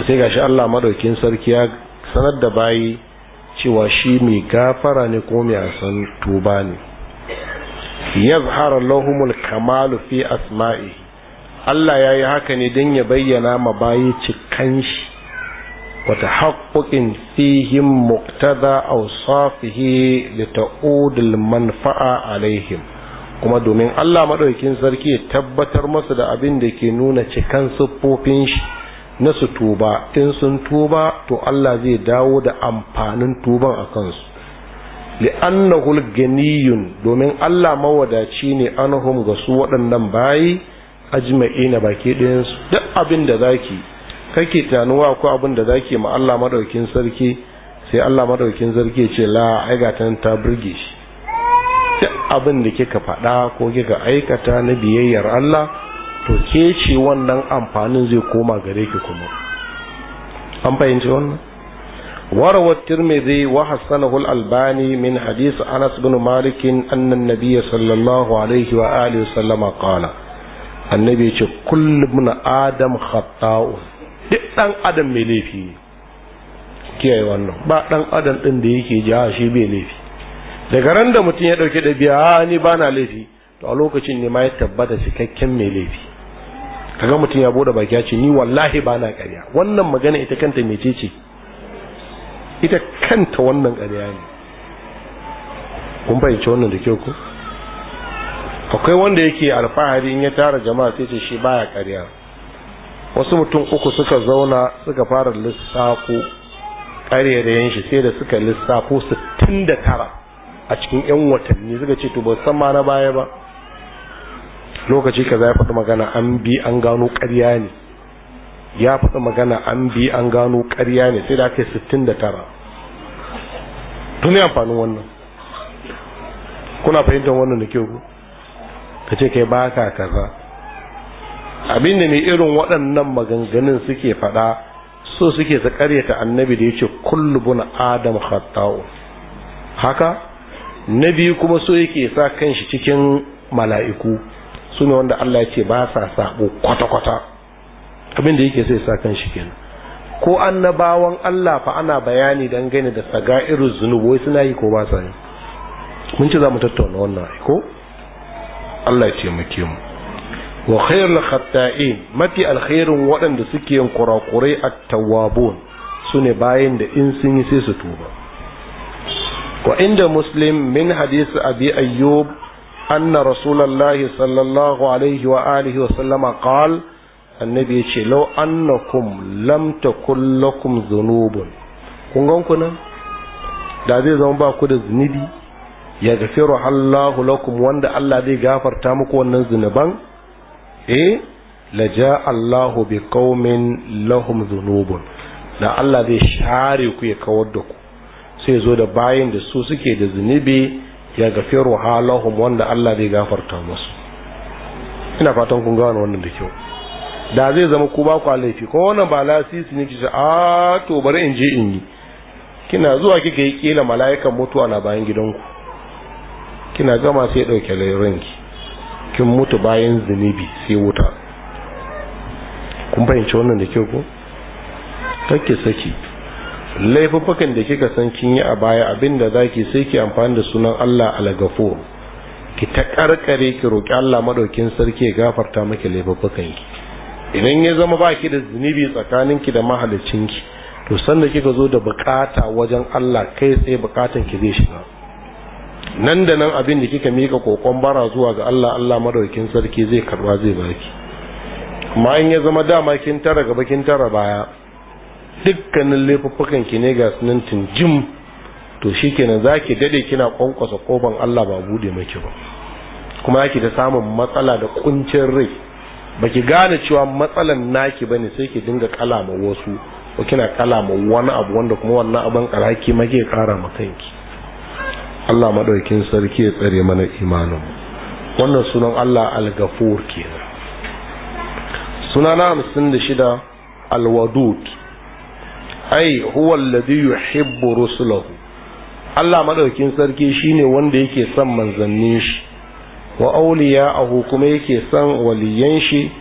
sai gashi Allah maɗaukin sarki ya sanar da bayi cewa shi mai gafara ne ko mai san tuba ne yazhara lahumul kamalu fi asma'i Allah ya yi haka ne don ya bayyana ma bayi cikan shi wata haƙoƙin fihim muktada awsafihi li ta'udul manfa'a alaihim kuma domin Allah maɗaukin sarki ya tabbatar masa da abin da ke nuna cikan siffofin shi na su tuba in sun tuba to Allah zai dawo da amfanin tuban a kansu li'annahul ganiyun domin Allah mawadaci ne anhum ga su waɗannan bayi ajma'ina baki ɗayan su duk abin da zaki kake tanuwa ko abin da zaki ma Allah madaukin sarki sai Allah madaukin sarki ce la aigatan ta burge shi duk abin da kika faɗa ko kika aikata na biyayyar Allah to ke ce wannan amfanin zai koma gare ki kuma an fahimci wannan وروى الترمذي وحسنه الألباني من حديث أنس بن مالك أن النبي صلى الله عليه وآله وسلم قال النبي كل ابن آدم خطاء دان آدم مليفي kiyaye wannan ba dan adam ɗin da yake ji a shi bai laifi daga ran da mutum ya dauke da biya ni ba na laifi to a lokacin ne ma ya tabbata cikakken mai laifi kaga mutum ya bude baki ya ce ni wallahi ba na ƙarya wannan magana ita kanta mece ce ita kanta wannan ƙarya ne kun fahimci wannan da kyau ku. akwai wanda yake alfahari in ya tara jama'a sai ce shi baya ƙarya wasu mutum uku suka zauna suka fara lissafo ƙarerayen shi sai da suka lissafo sittin da tara a cikin 'yan watanni suka ce to ba san ma na baya ba lokaci kaza ya faɗi magana an bi an gano ƙarya ne ya fi magana an bi an gano karya ne sai da aka yi sittin tuni amfanin wannan kuna fahimtar wannan da kyau ka ce kai baka kaza abin da ne irin waɗannan maganganun suke faɗa so suke su ƙaryata annabi da ya ce kullubun adam khata'u haka na biyu kuma so yake sa kanshi cikin mala'iku su ne wanda Allah ya ce ba sa sabo kwata-kwata abin da yake sai sa kan shi kenan ko annabawan Allah fa ana bayani dangane da saga'iru zunubu wai suna yi ko ba sa yi mun ci za mu tattauna wannan ko Allah ya taimake mu wa khairul khatta'in mafi alkhairin waɗanda suke yin kurakurai at-tawwabun sune bayan da in sun yi sai su tuba wa inda muslim min hadisi abi ayyub anna rasulullahi sallallahu alaihi wa alihi wa sallama qala annabi ya ce lau annakum lamta takul lakum kun gan ku nan da zai zama ba ku da zunubi ya gafiru Allahu lakum wanda Allah zai gafarta muku wannan zunuban eh laja Allahu bi qaumin lahum zunubun da Allah zai share ku ya kawar da ku sai zo da bayan da su suke da zunubi ya gafiru halahum wanda Allah zai gafarta musu ina fatan kun gano wannan da kyau da zai zama ko ba kwa laifi ko wannan ba lasisi ne kice a to bari in je in yi kina zuwa kika yi kila mala'ikan mutuwa na bayan gidanku kina gama sai dauke ranki kin mutu bayan zunubi sai wuta kun fahimci wannan da kyau ko kake saki laifuffukan da kika san kin yi a baya abinda zaki sai ki amfani da sunan Allah al-Ghafur ki ta karkare ki roki Allah madaukin sarki ya gafarta miki laifuffukan ki idan ya zama ba ki da zunubi tsakaninki da mahalicinki to sanda kika zo da bukata wajen Allah kai sai bukatan ki zai shiga nan da nan abin da kika mika kokon bara zuwa ga Allah Allah madaukin sarki zai karba zai baki amma in ya zama dama kin tara gaba kin tara baya dukkanin laifuffukan ki ne ga sunan tinjim to shikenan zaki dade kina kwankwasa koban Allah ba bude maki ba kuma yake da samun matsala da kuncin rai baki gane cewa matsalan naki bane sai ki dinga kalama wasu ko kina kalama wani abu wanda kuma wannan abin karaki make kara ma kanki Allah madaukin sarki ya tsare mana imanin wannan sunan Allah al-Ghafur kenan da 56 al-Wadud ai huwa alladhi yuhibbu rusulahu Allah madaukin sarki shine wanda yake son manzannin shi wa ahu kuma yake san waliyan shi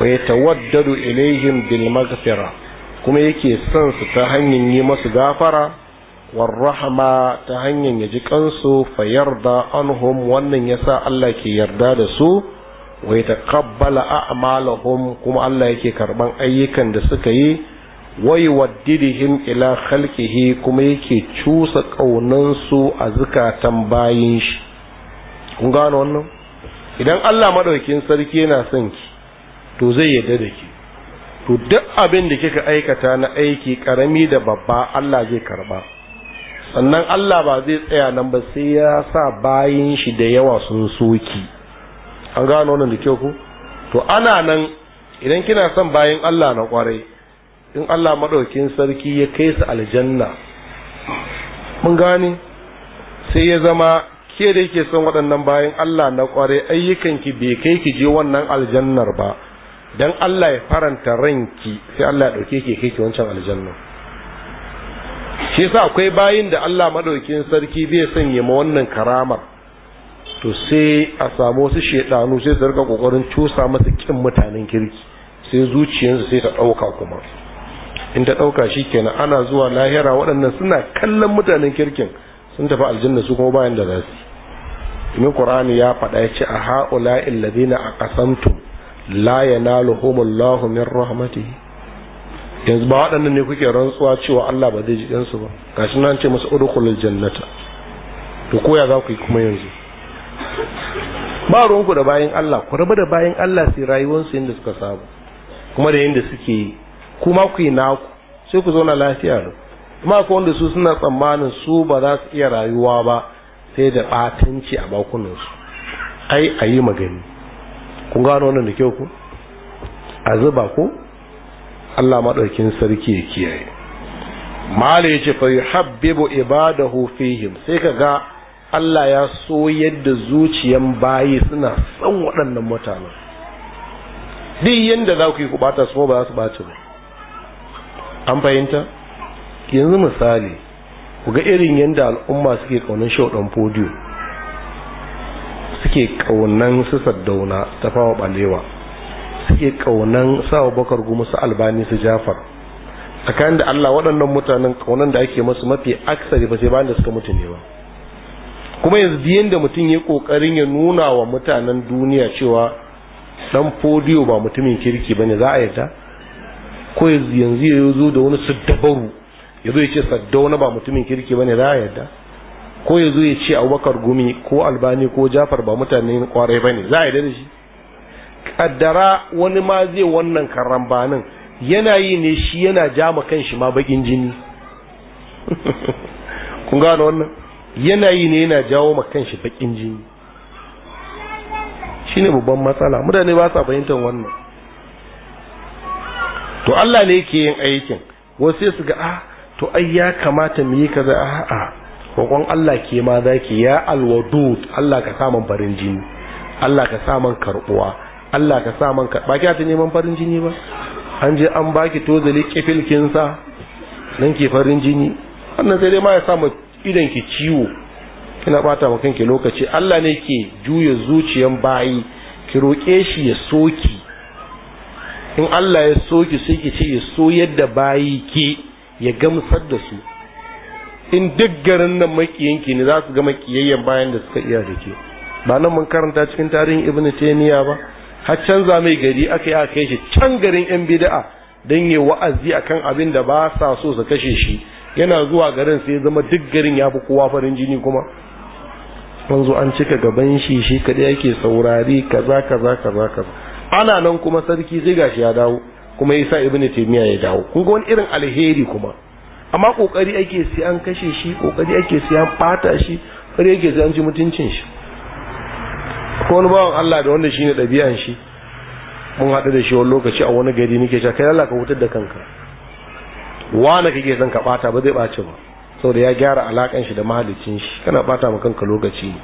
wa tawaddadu ilaihim bil maghfira kuma yake san su ta hanyar yi masu gafara war rahama ta hanyar yaji kansu fa yarda anhum wannan yasa Allah ke yarda da su wa yataqabbala a'malahum kuma Allah yake karban ayyukan da suka yi wai yuwaddidihim ila khalqihi kuma yake cusa kaunansu a zukatan bayin shi kun gano wannan idan Allah maɗaukin sarki yana son ki to zai yarda da ki to duk abin da kika aikata na aiki karami da babba Allah zai karba sannan Allah ba zai tsaya nan ba sai ya sa bayin shi da yawa sun soki an gano wannan da kyau ko to ana nan idan kina son bayin Allah na kwarai in Allah maɗaukin sarki ya kai su aljanna mun gane sai ya zama ke da yake son waɗannan bayan Allah na ƙware ayyukanki bai kai ki je wannan aljannar ba dan Allah ya faranta ranki sai Allah ya ɗauke ki kai ki wancan aljanna shi yasa akwai bayin da Allah madaukin sarki bai ya ma wannan karamar to sai a samu wasu shedanu sai su rika kokarin cusa masa kin mutanen kirki sai zuciyarsu sai ta ɗauka kuma in ta ɗauka shi kenan ana zuwa lahira waɗannan suna kallon mutanen kirkin sun tafi aljanna su kuma bayan da za domin qur'ani ya faɗa ya ce a ha'ula illazina aqasamtum la yanaluhumullahu min rahmatihi yanzu ba waɗannan ne kuke rantsuwa cewa Allah ba zai ji ɗansu ba gashi nan ce musu udkhulul jannata to koya za ku yi kuma yanzu ba ruwanku da bayan Allah ku raba da bayan Allah sai rayuwarsu yadda suka saba kuma da yadda suke yi kuma ku yi naku sai ku zauna lafiya da kuma akwai wanda su suna tsammanin su ba za su iya rayuwa ba sai da batanci a bakunansu ai a yi magani kun gano wannan da kyau ku a zuba ku Allah maɗaukin sarki ya kiyaye mala ya ce fa yuhabbibu ibadahu fihim sai ka ga Allah ya so yadda zuciyan bayi suna san waɗannan mutanen duk yadda za ku yi ku bata su ba za su ba an fahimta yanzu misali ku ga irin yadda al'umma suke kaunan shaudan fodiyo suke kaunan su saddauna ta fawa balewa suke kaunan sawa bakar gumu su albani su jafar tsakanin da allah waɗannan mutanen kaunan da ake masu mafi aksari ba sai bayan da suka mutu ne ba kuma yanzu biyan da mutum ya kokarin ya nuna wa mutanen duniya cewa ɗan fodiyo ba mutumin kirki ne za a yarda ko yanzu ya zo da wani su dabaru ya zo ya ce saddauna ba mutumin kirki ba ne za a yadda ko ya zo ya ce abubakar gumi ko albani ko jafar ba mutanen kwarai ba ne za a yadda da shi kaddara wani ma zai wannan karambanin yana yi ne shi yana jama kan shi ma bakin jini (laughs) kun gano wannan yana yi ne yana jawo ma kan shi bakin jini shine babban matsala mutane ba sa fahimtar wannan to Allah ne yake yin aikin wasu su ga ah to ai ya kamata mu yi kaza a'a roƙon Allah ke ma zaki ya alwadud Allah ka sa man farin jini Allah ka sa man karbuwa Allah ka sa man ba ki ta neman farin jini ba an je an baki tozali kifilkin sa nan ke farin jini wannan sai dai ma ya sa mu idan ki ciwo kina bata maka kanki lokaci Allah ne ke juya zuciyan bayi ki roƙe shi ya soki in Allah ya soki sai ki ce ya so yadda bayi ke ya gamsar da su in duk garin nan makiyanki ne za su ga makiyayyen bayan da suka iya da ba nan mun karanta cikin tarihin ibnu taymiya ba har canza mai gari aka yi aka kai shi can garin yan bid'a dan yi wa'azi akan abin da ba sa so su kashe shi yana zuwa garin sai ya zama duk garin ya fi kowa farin jini kuma Wanzu an cika gaban shi shi kadai yake saurari kaza kaza kaza kaza ana nan kuma sarki sai gashi ya dawo kuma ya yasa ibnu taymiya ya dawo kun ga wani irin alheri kuma amma kokari ake sai kashe shi kokari ake sai fata shi kokari ake sai an ji mutuncin shi ko wani bawan Allah da wanda shine dabi'an shi mun haɗu da shi wani lokaci a wani gari nake cewa kai Allah ka hutar da kanka wani kake son ka bata ba zai bace ba saboda ya gyara alaƙan shi da mahalicin shi kana bata ma kanka lokaci ne,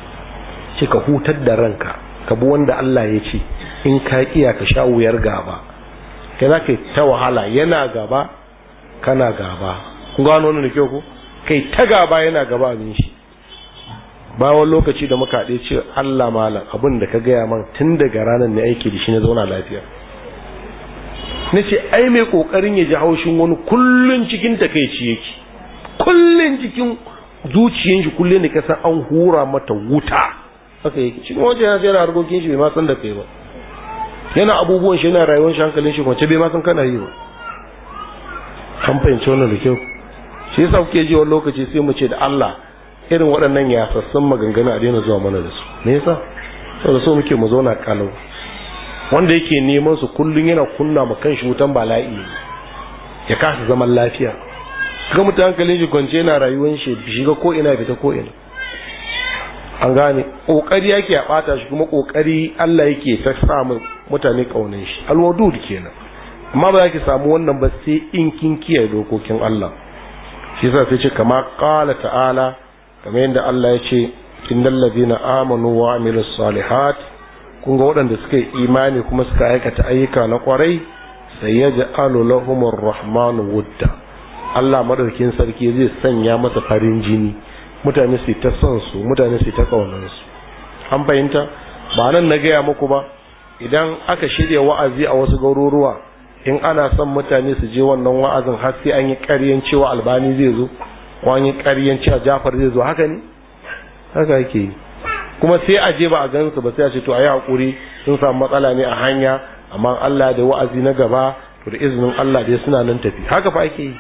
ce ka hutar da ranka ka bi wanda Allah ya ce in ka kiya ka sha wuyar gaba kai za ka yi ta wahala yana gaba kana gaba kun gano wani da kyau ko kai ta gaba yana gaba a shi lokaci da muka haɗe ce Allah malam abin da ka gaya man tun daga ranar ne aiki da shi na zauna lafiya na ce ai mai ƙoƙarin ya ji haushin wani kullun cikin takaici yake kullun cikin zuciyan shi kullun da ka an hura mata wuta haka yake cikin wajen yana harkokin shi bai ma san da kai ba yana abubuwan shi yana rayuwar shi hankalin shi kwance bai ma san kana yi ba an fahimci wannan da kyau shi yasa kuke ji wani lokaci sai mu ce da Allah irin waɗannan yasassun maganganu a daina zuwa mana da su me yasa saboda so muke mu zauna kalau wanda yake neman su kullun yana kunna ma shi wutan bala'i ya kasa zaman lafiya ga mutum hankalin shi kwance yana rayuwar shi shiga ko ina fita ko ina an gane kokari yake a bata shi kuma kokari Allah yake ta sa mu mutane kaunan shi alwadud kenan amma ba za ki samu wannan ba sai in kin kiyaye dokokin Allah shi yasa sai ce kama qala ta'ala kamar yanda Allah ya ce innal ladina amanu wa amilus salihat kun ga waɗanda suka yi imani kuma suka aikata ayyuka na kwarai sai ya ja'alu lahumur rahmanu wudda Allah madaukin sarki zai sanya masa farin jini mutane su ta son su mutane su ta kaunan su an fahimta ba nan na gaya muku ba idan aka shirya wa'azi a wasu garuruwa in ana son mutane su je wannan wa'azin har sai an yi ƙaryan cewa albani zai zo ko an yi ƙaryan cewa jafar zai zo haka ne haka yake kuma sai a je ba a gansu ba sai a ce to a yi haƙuri sun samu matsala ne a hanya amma Allah da wa'azi na gaba to da izinin Allah dai suna nan tafi haka fa ake yi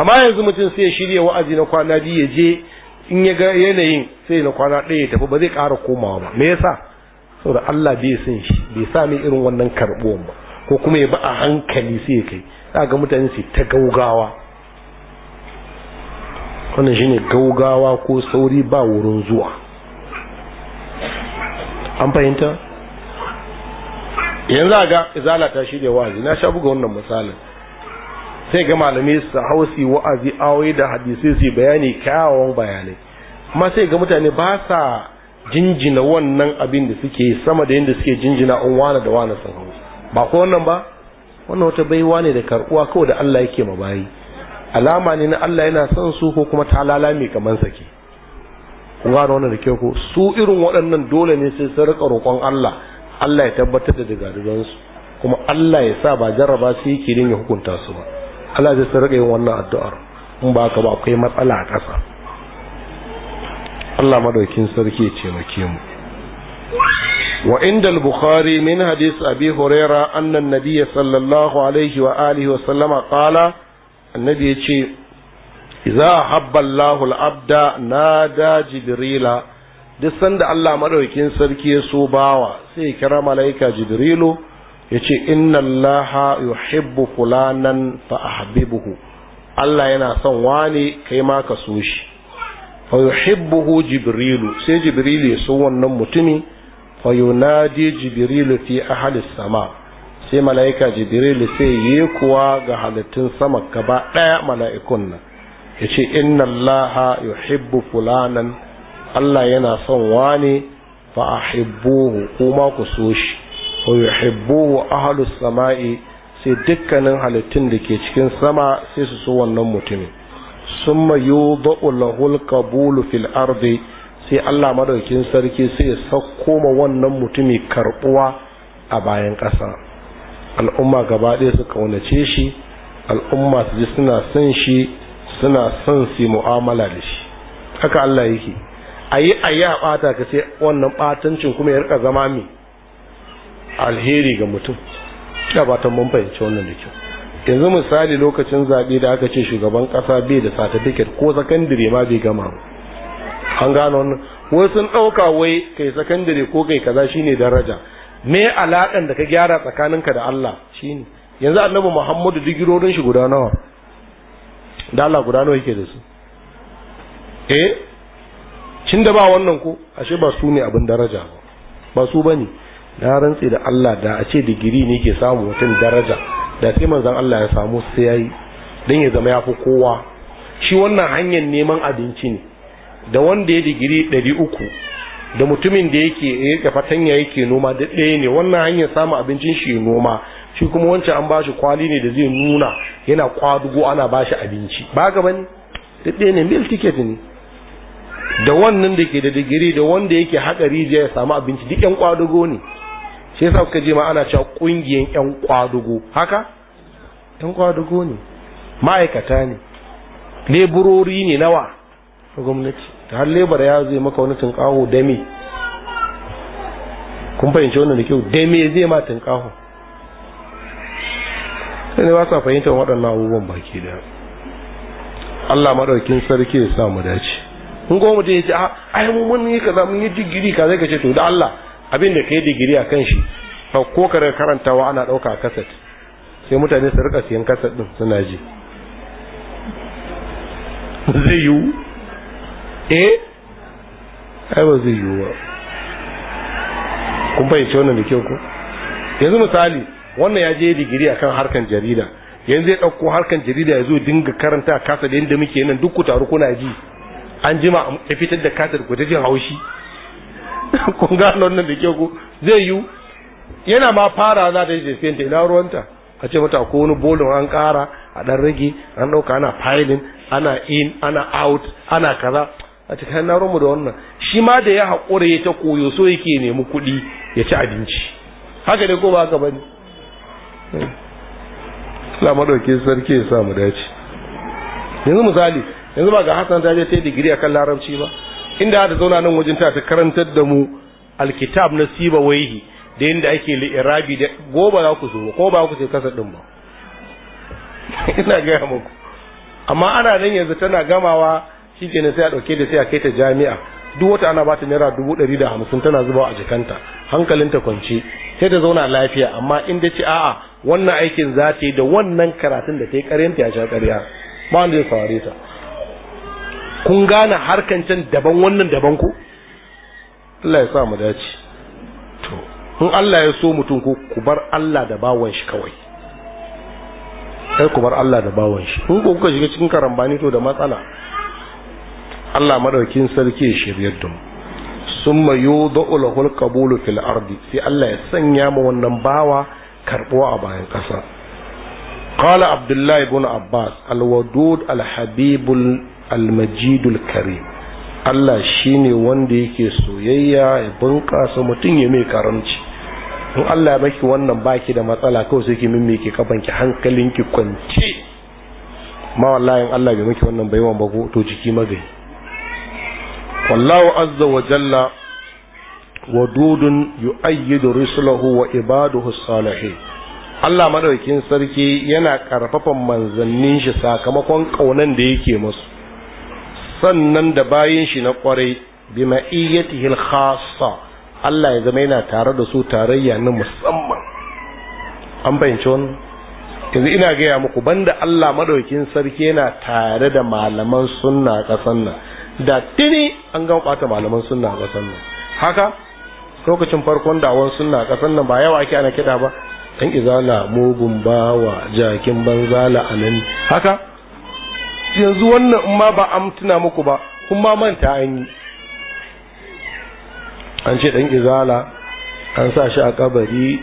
amma yanzu mutum sai ya shirya wa'azi na kwana biyu ya je in ya ga yanayin sai na kwana ɗaya ya tafi ba zai ƙara komawa ba me yasa saboda Allah bai san shi bai sa mai irin wannan karɓuwan ba ko kuma ya ba a hankali sai ya kai za ga mutane su ta gaugawa wannan shine gaugawa ko sauri ba wurin zuwa an fahimta yanzu ga izala ta shirya wa'azi na sha buga wannan misalin sai ga malamai su hausi wa'azi awai da hadisai su bayani kyawawan bayanai amma sai ga mutane ba sa jinjina wannan abin da suke sama da yadda suke jinjina an wane da wane sun hau ba ko wannan ba wannan wata baiwa ne da karbuwa kawai da Allah yake ma bayi alama ne na Allah yana son su ko kuma ta mai kaman sake kun gano wannan da kyau ko su irin waɗannan dole ne sai sun rika roƙon Allah Allah ya tabbatar da digadigan su kuma Allah ya sa ba jarraba su yake din ya hukunta su ba Allah zai sun yin wannan addu'ar in ba ka ba akwai matsala a ƙasa Allah madaukin sarki ce make mu wa bukhari min hadis abi huraira anna an-nabiy sallallahu alayhi wa alihi wa sallama qala annabi yace za habba Allahu al-abda nada jibrila duk sanda Allah madaukin sarki ya so bawa sai ya kira malaika jibrilu yace inna Allah yuhibbu fulanan fa ahbibuhu Allah yana son wani kai ma ka so shi fa yuhibbuhu jibrilu sai jibrilu ya so wannan mutumi fa yunadi jibrilu fi ahli sama sai malaika jibrilu sai yi kuwa ga halittun sama gaba daya mala'ikun nan yace inna allaha yuhibbu fulanan Allah yana son wani fa ahibbuhu kuma ku so shi wa yuhibbuhu sama'i sai dukkanin halittun da ke cikin sama sai su so wannan mutumin summa yudau lahul qabulu fil ardi sai Allah madaukin sarki sai ya sauko ma wannan mutumi karbuwa a bayan ƙasa al'umma gaba ɗaya su kaunace shi al'umma su ji suna son shi suna son su mu'amala da shi haka Allah yake ayi ayi a bata ka sai wannan batancin kuma ya rika zama mi alheri ga mutum ya batan mun fahimci wannan da kyau yanzu misali lokacin zaɓe da aka ce shugaban ƙasa bai da satifiket ko sakandire ma bai gama an gano wannan wai sun ɗauka wai kai sakandire ko kai kaza shine daraja me alaƙan da ka gyara tsakaninka da Allah shine yanzu annabi Muhammadu digirorin shi guda nawa da Allah guda nawa yake da su eh cin da ba wannan ko ashe ba su ne abin daraja ba ba su bane na rantse da Allah da a ce digiri ne ke samu mutum daraja da sai manzon Allah ya samu sai yayi dan ya zama ya fi kowa shi wannan hanyar neman abinci ne da wanda ya digiri ɗari da mutumin da yake yake fatanya yake noma da ɗaya ne wannan hanyar samun abincin shi noma shi kuma wancan an bashi kwali ne da zai nuna yana kwadugo ana bashi abinci ba ga bane da ɗaya ne mil ticket ne da wannan da ke da digiri da wanda yake haƙa rijiya ya samu abinci duk yan kwadugo ne shi yasa kuka je ma ana cewa kungiyan yan kwadugo haka yan kwadugo ne ma'aikata ne leburori ne nawa na gwamnati ta har lebar ya zai maka wani tunkaho dame kun fahimci wannan da kyau dame zai ma tunkaho sai ne ba sa fahimtar waɗannan abubuwan baki da Allah maɗaukin sarki ya sa mu dace in goma mutum ya ce ah, ai mun yi kaza mun yi digiri zai ka ce to da Allah abin da ka yi digiri a kan shi ko kare karantawa ana ɗauka a kasat sai mutane su rika siyan kasat ɗin suna ji zai yiwu eh ai ba zai yiwu ba kun bai wannan da kyau ko yanzu misali wannan ya je digiri akan harkan jarida yanzu ya ɗauko harkan jarida ya zo dinga karanta kasa da yadda muke nan duk ku taru kuna ji an jima a fitar da kasar ku ta jin haushi (laughs) kun gano nan da kyau ko zai yiwu yana ma fara za ta yi jefenta ina ruwanta a ce mata ko wani bolon an ƙara a dan rage an ɗauka ana filin ana in ana out ana kaza a kai na rumu da wannan shi ma da ya haƙura ya ta koyo so yake nemi kuɗi ya ci abinci haka dai ko ba haka bane Allah madauke sarki ya mu dace yanzu misali yanzu ba ga Hassan ta je ta yi digiri akan larabci ba inda ta zauna nan wajen ta karantar da mu alkitab na siba waihi da yadda ake li'irabi da goba za ku zo ko ba ku ce kasa din ba (laughs) ina gaya muku amma ana nan yanzu tana gamawa shikenan sai a dauke da sai a kai ta jami'a duk wata ana ba ta naira dubu ɗari da hamsin tana zuba a jikanta hankalinta kwance sai ta zauna lafiya amma in ta ce a'a wannan aikin za ta yi da wannan karatun da ta yi ƙaryanta, ya sha ƙarya. ba wanda ya saurare ta kun gane harkan can daban wannan daban ku Allah ya sa mu dace to in Allah ya so mutum ko ku bar Allah da bawon shi kawai sai ku bar Allah da bawon shi in kuka shiga cikin karambani to da matsala Allah madaukin sarki ya shiryar da mu summa yudu lahul qabulu fil ardi sai Allah ya sanya mu wannan bawa karbo a bayan kasa qala abdullahi الله abbas عباس الودود الحبيب almajidul kare Allah shi ne wanda yake soyayya ya bunƙasa mutum ya mai karamci in Allah ya baki wannan baki da matsala kawai sai ki mimmike kafanki hankalinki kwance ma wallahi in Allah bai miki wannan baiwan ba ko to jiki magai wallahu azza wa jalla ودود يؤيد wa ibaduhu الصالحين Allah madaukin sarki yana karfafan manzannin shi sakamakon ƙaunan da yake musu sannan da bayin shi na kwarai bi ma'iyyatihi al-khassa Allah ya zama yana tare da su tarayya na musamman an bayyance wannan yanzu ina gaya muku banda Allah madaukin sarki yana tare da malaman sunna kasan nan da tini an ga kwata malaman sunna kasan nan haka lokacin farkon dawon sunna kasan nan ba yawa ake ana kida ba dan izala mugun bawa jakin banzala anan haka yanzu wannan in ma ba am tuna muku ba kun ma manta an yi an ce dan izala an sa shi a kabari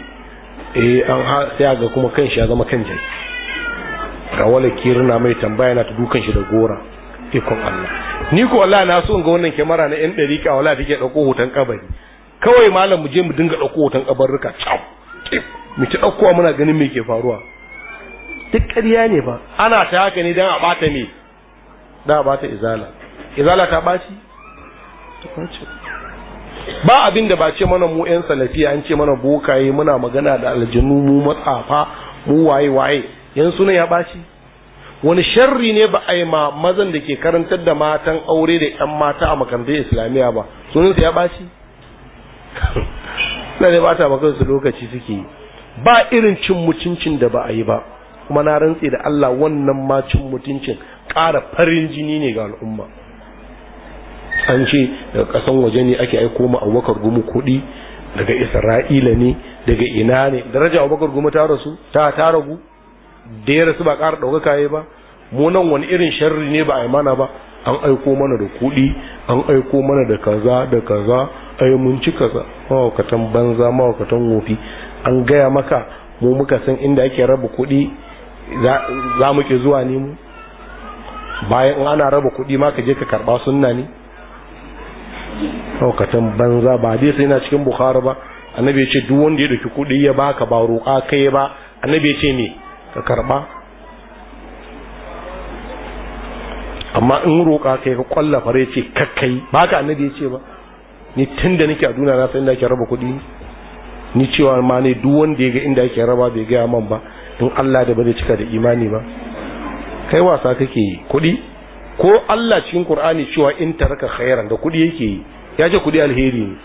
eh an sai ga kuma kan shi ya zama kan jai ga wala kirna mai tambaya na ta dukan shi da gora ikon Allah ni ko Allah na so in ga wannan kyamara na yan ɗari ka wala take ɗauko hoton kabari kawai malam mu je mu dinga ɗauko hoton kabarruka cap mu ci dauko muna ganin me ke faruwa duk ƙarya ne ba ana ta haka ne don a bata ne da ba ta izala izala ta baci ba abin da ba ce mana mu yan salafiya an ce mana bokaye muna magana da aljanu mu matsafa mu waye waye yan suna ya baci wani sharri ne ba a yi ma mazan da ke karantar da matan aure da yan mata a makarantar islamiyya ba sunansa ya baci na ne ba ta su lokaci suke ba irin cin mutuncin da ba a yi ba kuma na rantse da Allah wannan ma cin mutuncin ƙara farin jini ne ga al'umma an ce daga ƙasan waje ne ake aiko ma abubakar gumu kuɗi daga isra'ila ne daga ina ne daraja abubakar gumu ta rasu ta ta ragu da ya rasu ba ƙara ɗaukaka ya ba mu nan wani irin sharri ne ba a yi mana ba an aiko mana da kuɗi an aiko mana da kaza da kaza ai mun ci kaza mawakatan banza mawakatan wofi an gaya maka mu muka san inda ake raba kuɗi za mu ke zuwa ne mu bayan in ana raba kuɗi ma ka je ka karɓa sunna ne lokacin banza ba dai sai yana cikin bukhari ba annabi ya ce duk wanda ya dauki kuɗi ya baka ba roƙa kai ba annabi ya ce ne ka karɓa amma in roƙa kai ka kwalla fare ce kakkai ba ka annabi ya ce ba ni tun da nake a duniya na san inda ake raba kuɗi ni cewa ma ne duk wanda ya ga inda ake raba bai gaya man ba in Allah da ba zai cika da imani ba kai wasa kake yi kuɗi ko Allah cikin Qur'ani cewa in taraka khairan da kuɗi yake yi ya ce kuɗi alheri ne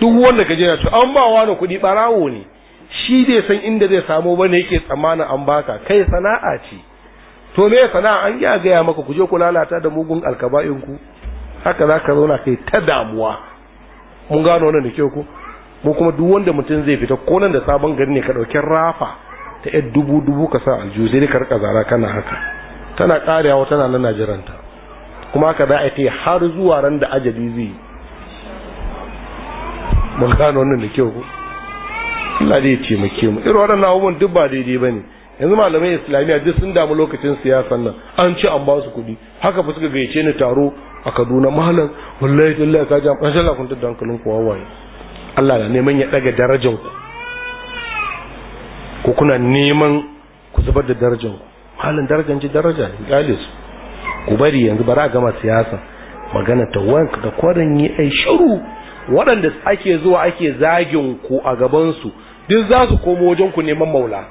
duk wanda kaje ya ce an ba wani kuɗi barawo ne shi bai san inda zai samu bane yake tsammanin an baka kai sana'a ce to me sana'a an ya gaya maka kuje ku lalata da mugun alkaba'in ku haka za ka zauna kai ta damuwa mun gano wannan da kyau ku mu kuma duk wanda mutum zai fita ko nan da sabon gari ne ka ɗauki rafa ta yar dubu dubu ka sa aljuzi ne ka rika zara kana haka tana karewa tana nan najiranta kuma ka za a ta har zuwa ran da ajali zai mun gano wannan da kyau Allah zai taimake mu irin waɗannan abubuwan duk ba daidai ba ne yanzu malamai islamiyya duk sun damu lokacin siyasan nan an ci an ba su kuɗi haka fa suka gayyace ni taro a Kaduna malam wallahi wallahi ka ji an shalla kun tada hankalin ku wawaye Allah na neman ya daga darajar ku ko kuna neman ku zubar da darajar ku halin darajan ji daraja ne su ku bari yanzu bara a gama siyasa magana ta wanka da kwarin yi ai shiru waɗanda ake zuwa ake zagin ku a gabansu duk za su komo wajen ku neman maula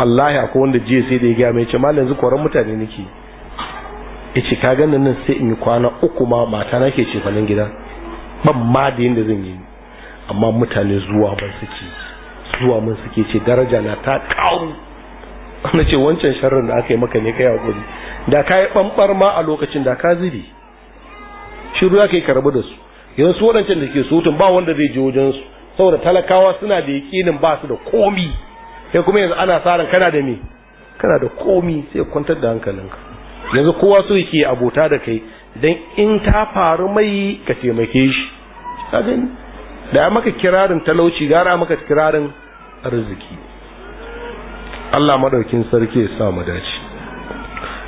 Allah ya ko wanda jiya sai da ya gaya mai ce malam yanzu koran mutane nake yace ka ga nan sai in yi kwana uku ma mata na ke ce falin gida ban ma da yadda zan yi amma mutane zuwa ban suke zuwa mun suke ce daraja na ta ƙaru (laughs) na ce wancan sharrin da aka yi maka ne kai hakuri da ka yi bambar ma a lokacin da ka zube shiru ya yi karbu da su yanzu su waɗancan da ke sutun ba wanda zai je wajen su saboda talakawa suna da yakinin ba su da komi sai kuma yanzu ana tsarin ka kana da me kana da komi sai kwantar da hankalinka yanzu kowa so yake abota da kai dan in ta faru mai ka taimake shi ka gani da maka kirarin talauci gara maka kirarin arziki Allah madaukin sarki ya sa mu dace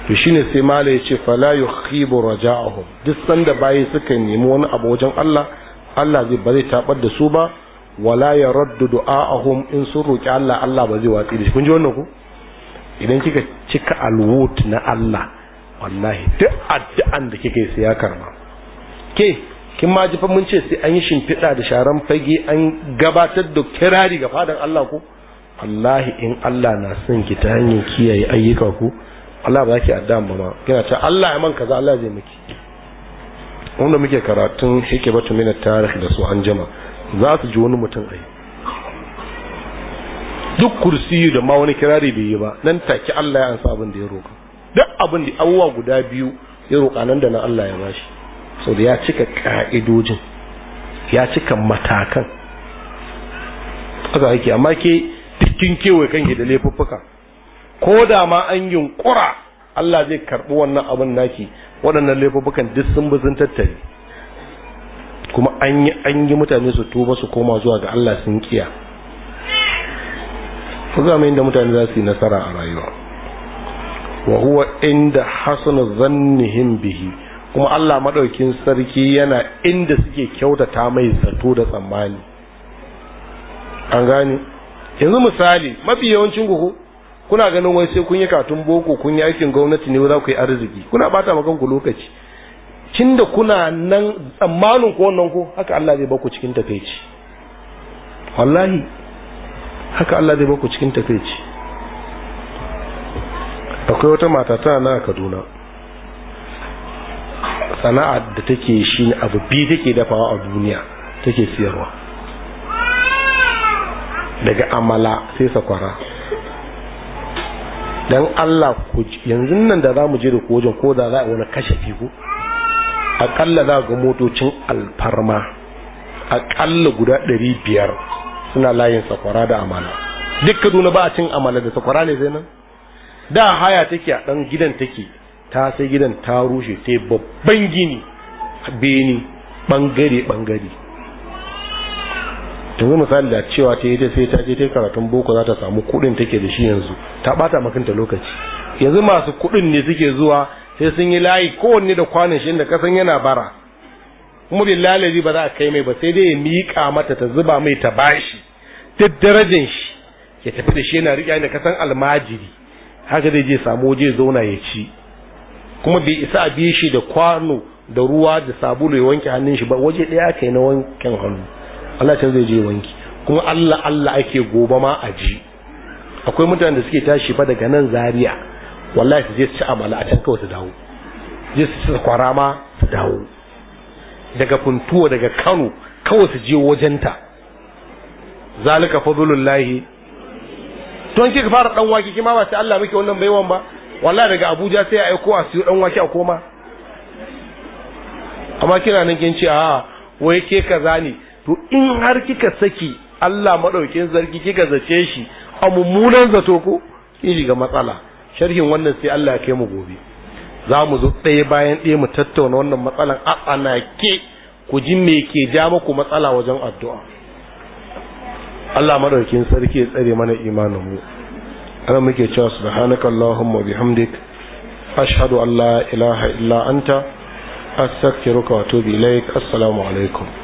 to shine sai mala yace fala yukhibu raja'uhum duk sanda bayi suka nemi wani abu wajen Allah Allah zai bari taɓar tabar da su ba wala ya raddu du'a'ahum in sun roki Allah Allah ba zai watsi da shi kun ji wannan ku idan kika cika alwut na Allah wallahi duk addu'an da kika sai ya karba ke kin ma ji fa mun ce sai an yi shimfiɗa da sharan fage an gabatar da kirari ga fadan Allah ko wallahi in Allah na son ki ta hanyar kiyaye ayyuka ku Allah ba ki addan ba ma kina ta Allah ya man kaza Allah zai miki wanda muke karatun hikimatu min tarihi da su an za su ji wani mutum ai duk kursi da ma wani kirari bai yi ba nan take Allah ya ansa abin da ya roka duk abin da awwa guda biyu ya roka nan da nan Allah ya bashi so da ya cika ka'idojin ya cika matakan haka yake amma ke kin kewaye kanki da laifuffuka ko da ma an yunkura Allah zai karɓi wannan abin naki waɗannan laifuffukan duk sun bi sun tattare kuma an yi an yi mutane su tuba su koma zuwa ga Allah sun kiya ku ga mai da mutane za su yi nasara a rayuwa wa huwa inda hasanu zannihim bihi kuma Allah madaukin sarki yana inda suke kyautata mai zato da tsammani an gani yanzu misali mafi yawancin ku kuna ganin wai sai kun yi katun boko kun yi aikin gwamnati ne za ku yi arziki kuna bata maka ku lokaci cin da kuna nan tsammanin ku wannan ko haka Allah zai baku cikin tafeci wallahi haka Allah zai baku cikin tafeci akwai wata mata tana na Kaduna sana'a da take shi abu biyu take dafawa a duniya take siyarwa daga amala sai sakwara dan Allah ku yanzu nan da za mu je da ku wajen ko da za a wani kashe ku akalla za ga motocin alfarma akalla guda ɗari biyar suna layin sakwara da amala duk kaduna ba a cin amala da sakwara ne zai nan da haya take a ɗan gidan take ta sai gidan ta rushe sai babban gini bene bangare bangare. yanzu misali da cewa ta yi ta sai ta je ta karatun boko za ta samu kuɗin take da shi yanzu ta ɓata makanta lokaci yanzu masu kuɗin ne suke zuwa sai sun yi layi kowanne da kwanan shi da kasan yana bara kuma billahi ba za a kai mai ba sai dai ya miƙa mata ta zuba mai ta bashi duk darajin shi ya tafi da shi yana riƙa da kasan almajiri haka zai je samu waje zauna ya ci kuma bai isa a biye shi da kwano da ruwa da sabulu ya wanke hannun shi ba waje ɗaya aka yi na wankin hannu Allah ta zai je wanki kuma Allah Allah ake gobe ma a ji akwai mutanen da suke tashi fa daga nan Zaria wallahi su je su ci amala a can kawai su dawo je su ci kwara ma su dawo daga funtuwa daga Kano kawai su je wajenta zalika fadlullahi don kika fara dan wake kima ba sai Allah muke wannan baiwan ba wallahi daga Abuja sai ya aiko a siyo dan wake a koma amma kina nan kin ce a wai ke kaza ne to in har kika saki Allah madaukin zargi kika zace shi a mummunan zato ko ki ga matsala sharhin wannan sai Allah ya kai mu gobe za mu zo ɗaya bayan ɗaya mu tattauna wannan matsalan a ke ku ji me ke ja muku matsala wajen addu'a Allah madaukin sarki ya tsare mana imanin mu ana muke cewa subhanaka allahumma bihamdik ashhadu an la ilaha illa anta astaghfiruka wa atubu ilaik assalamu alaikum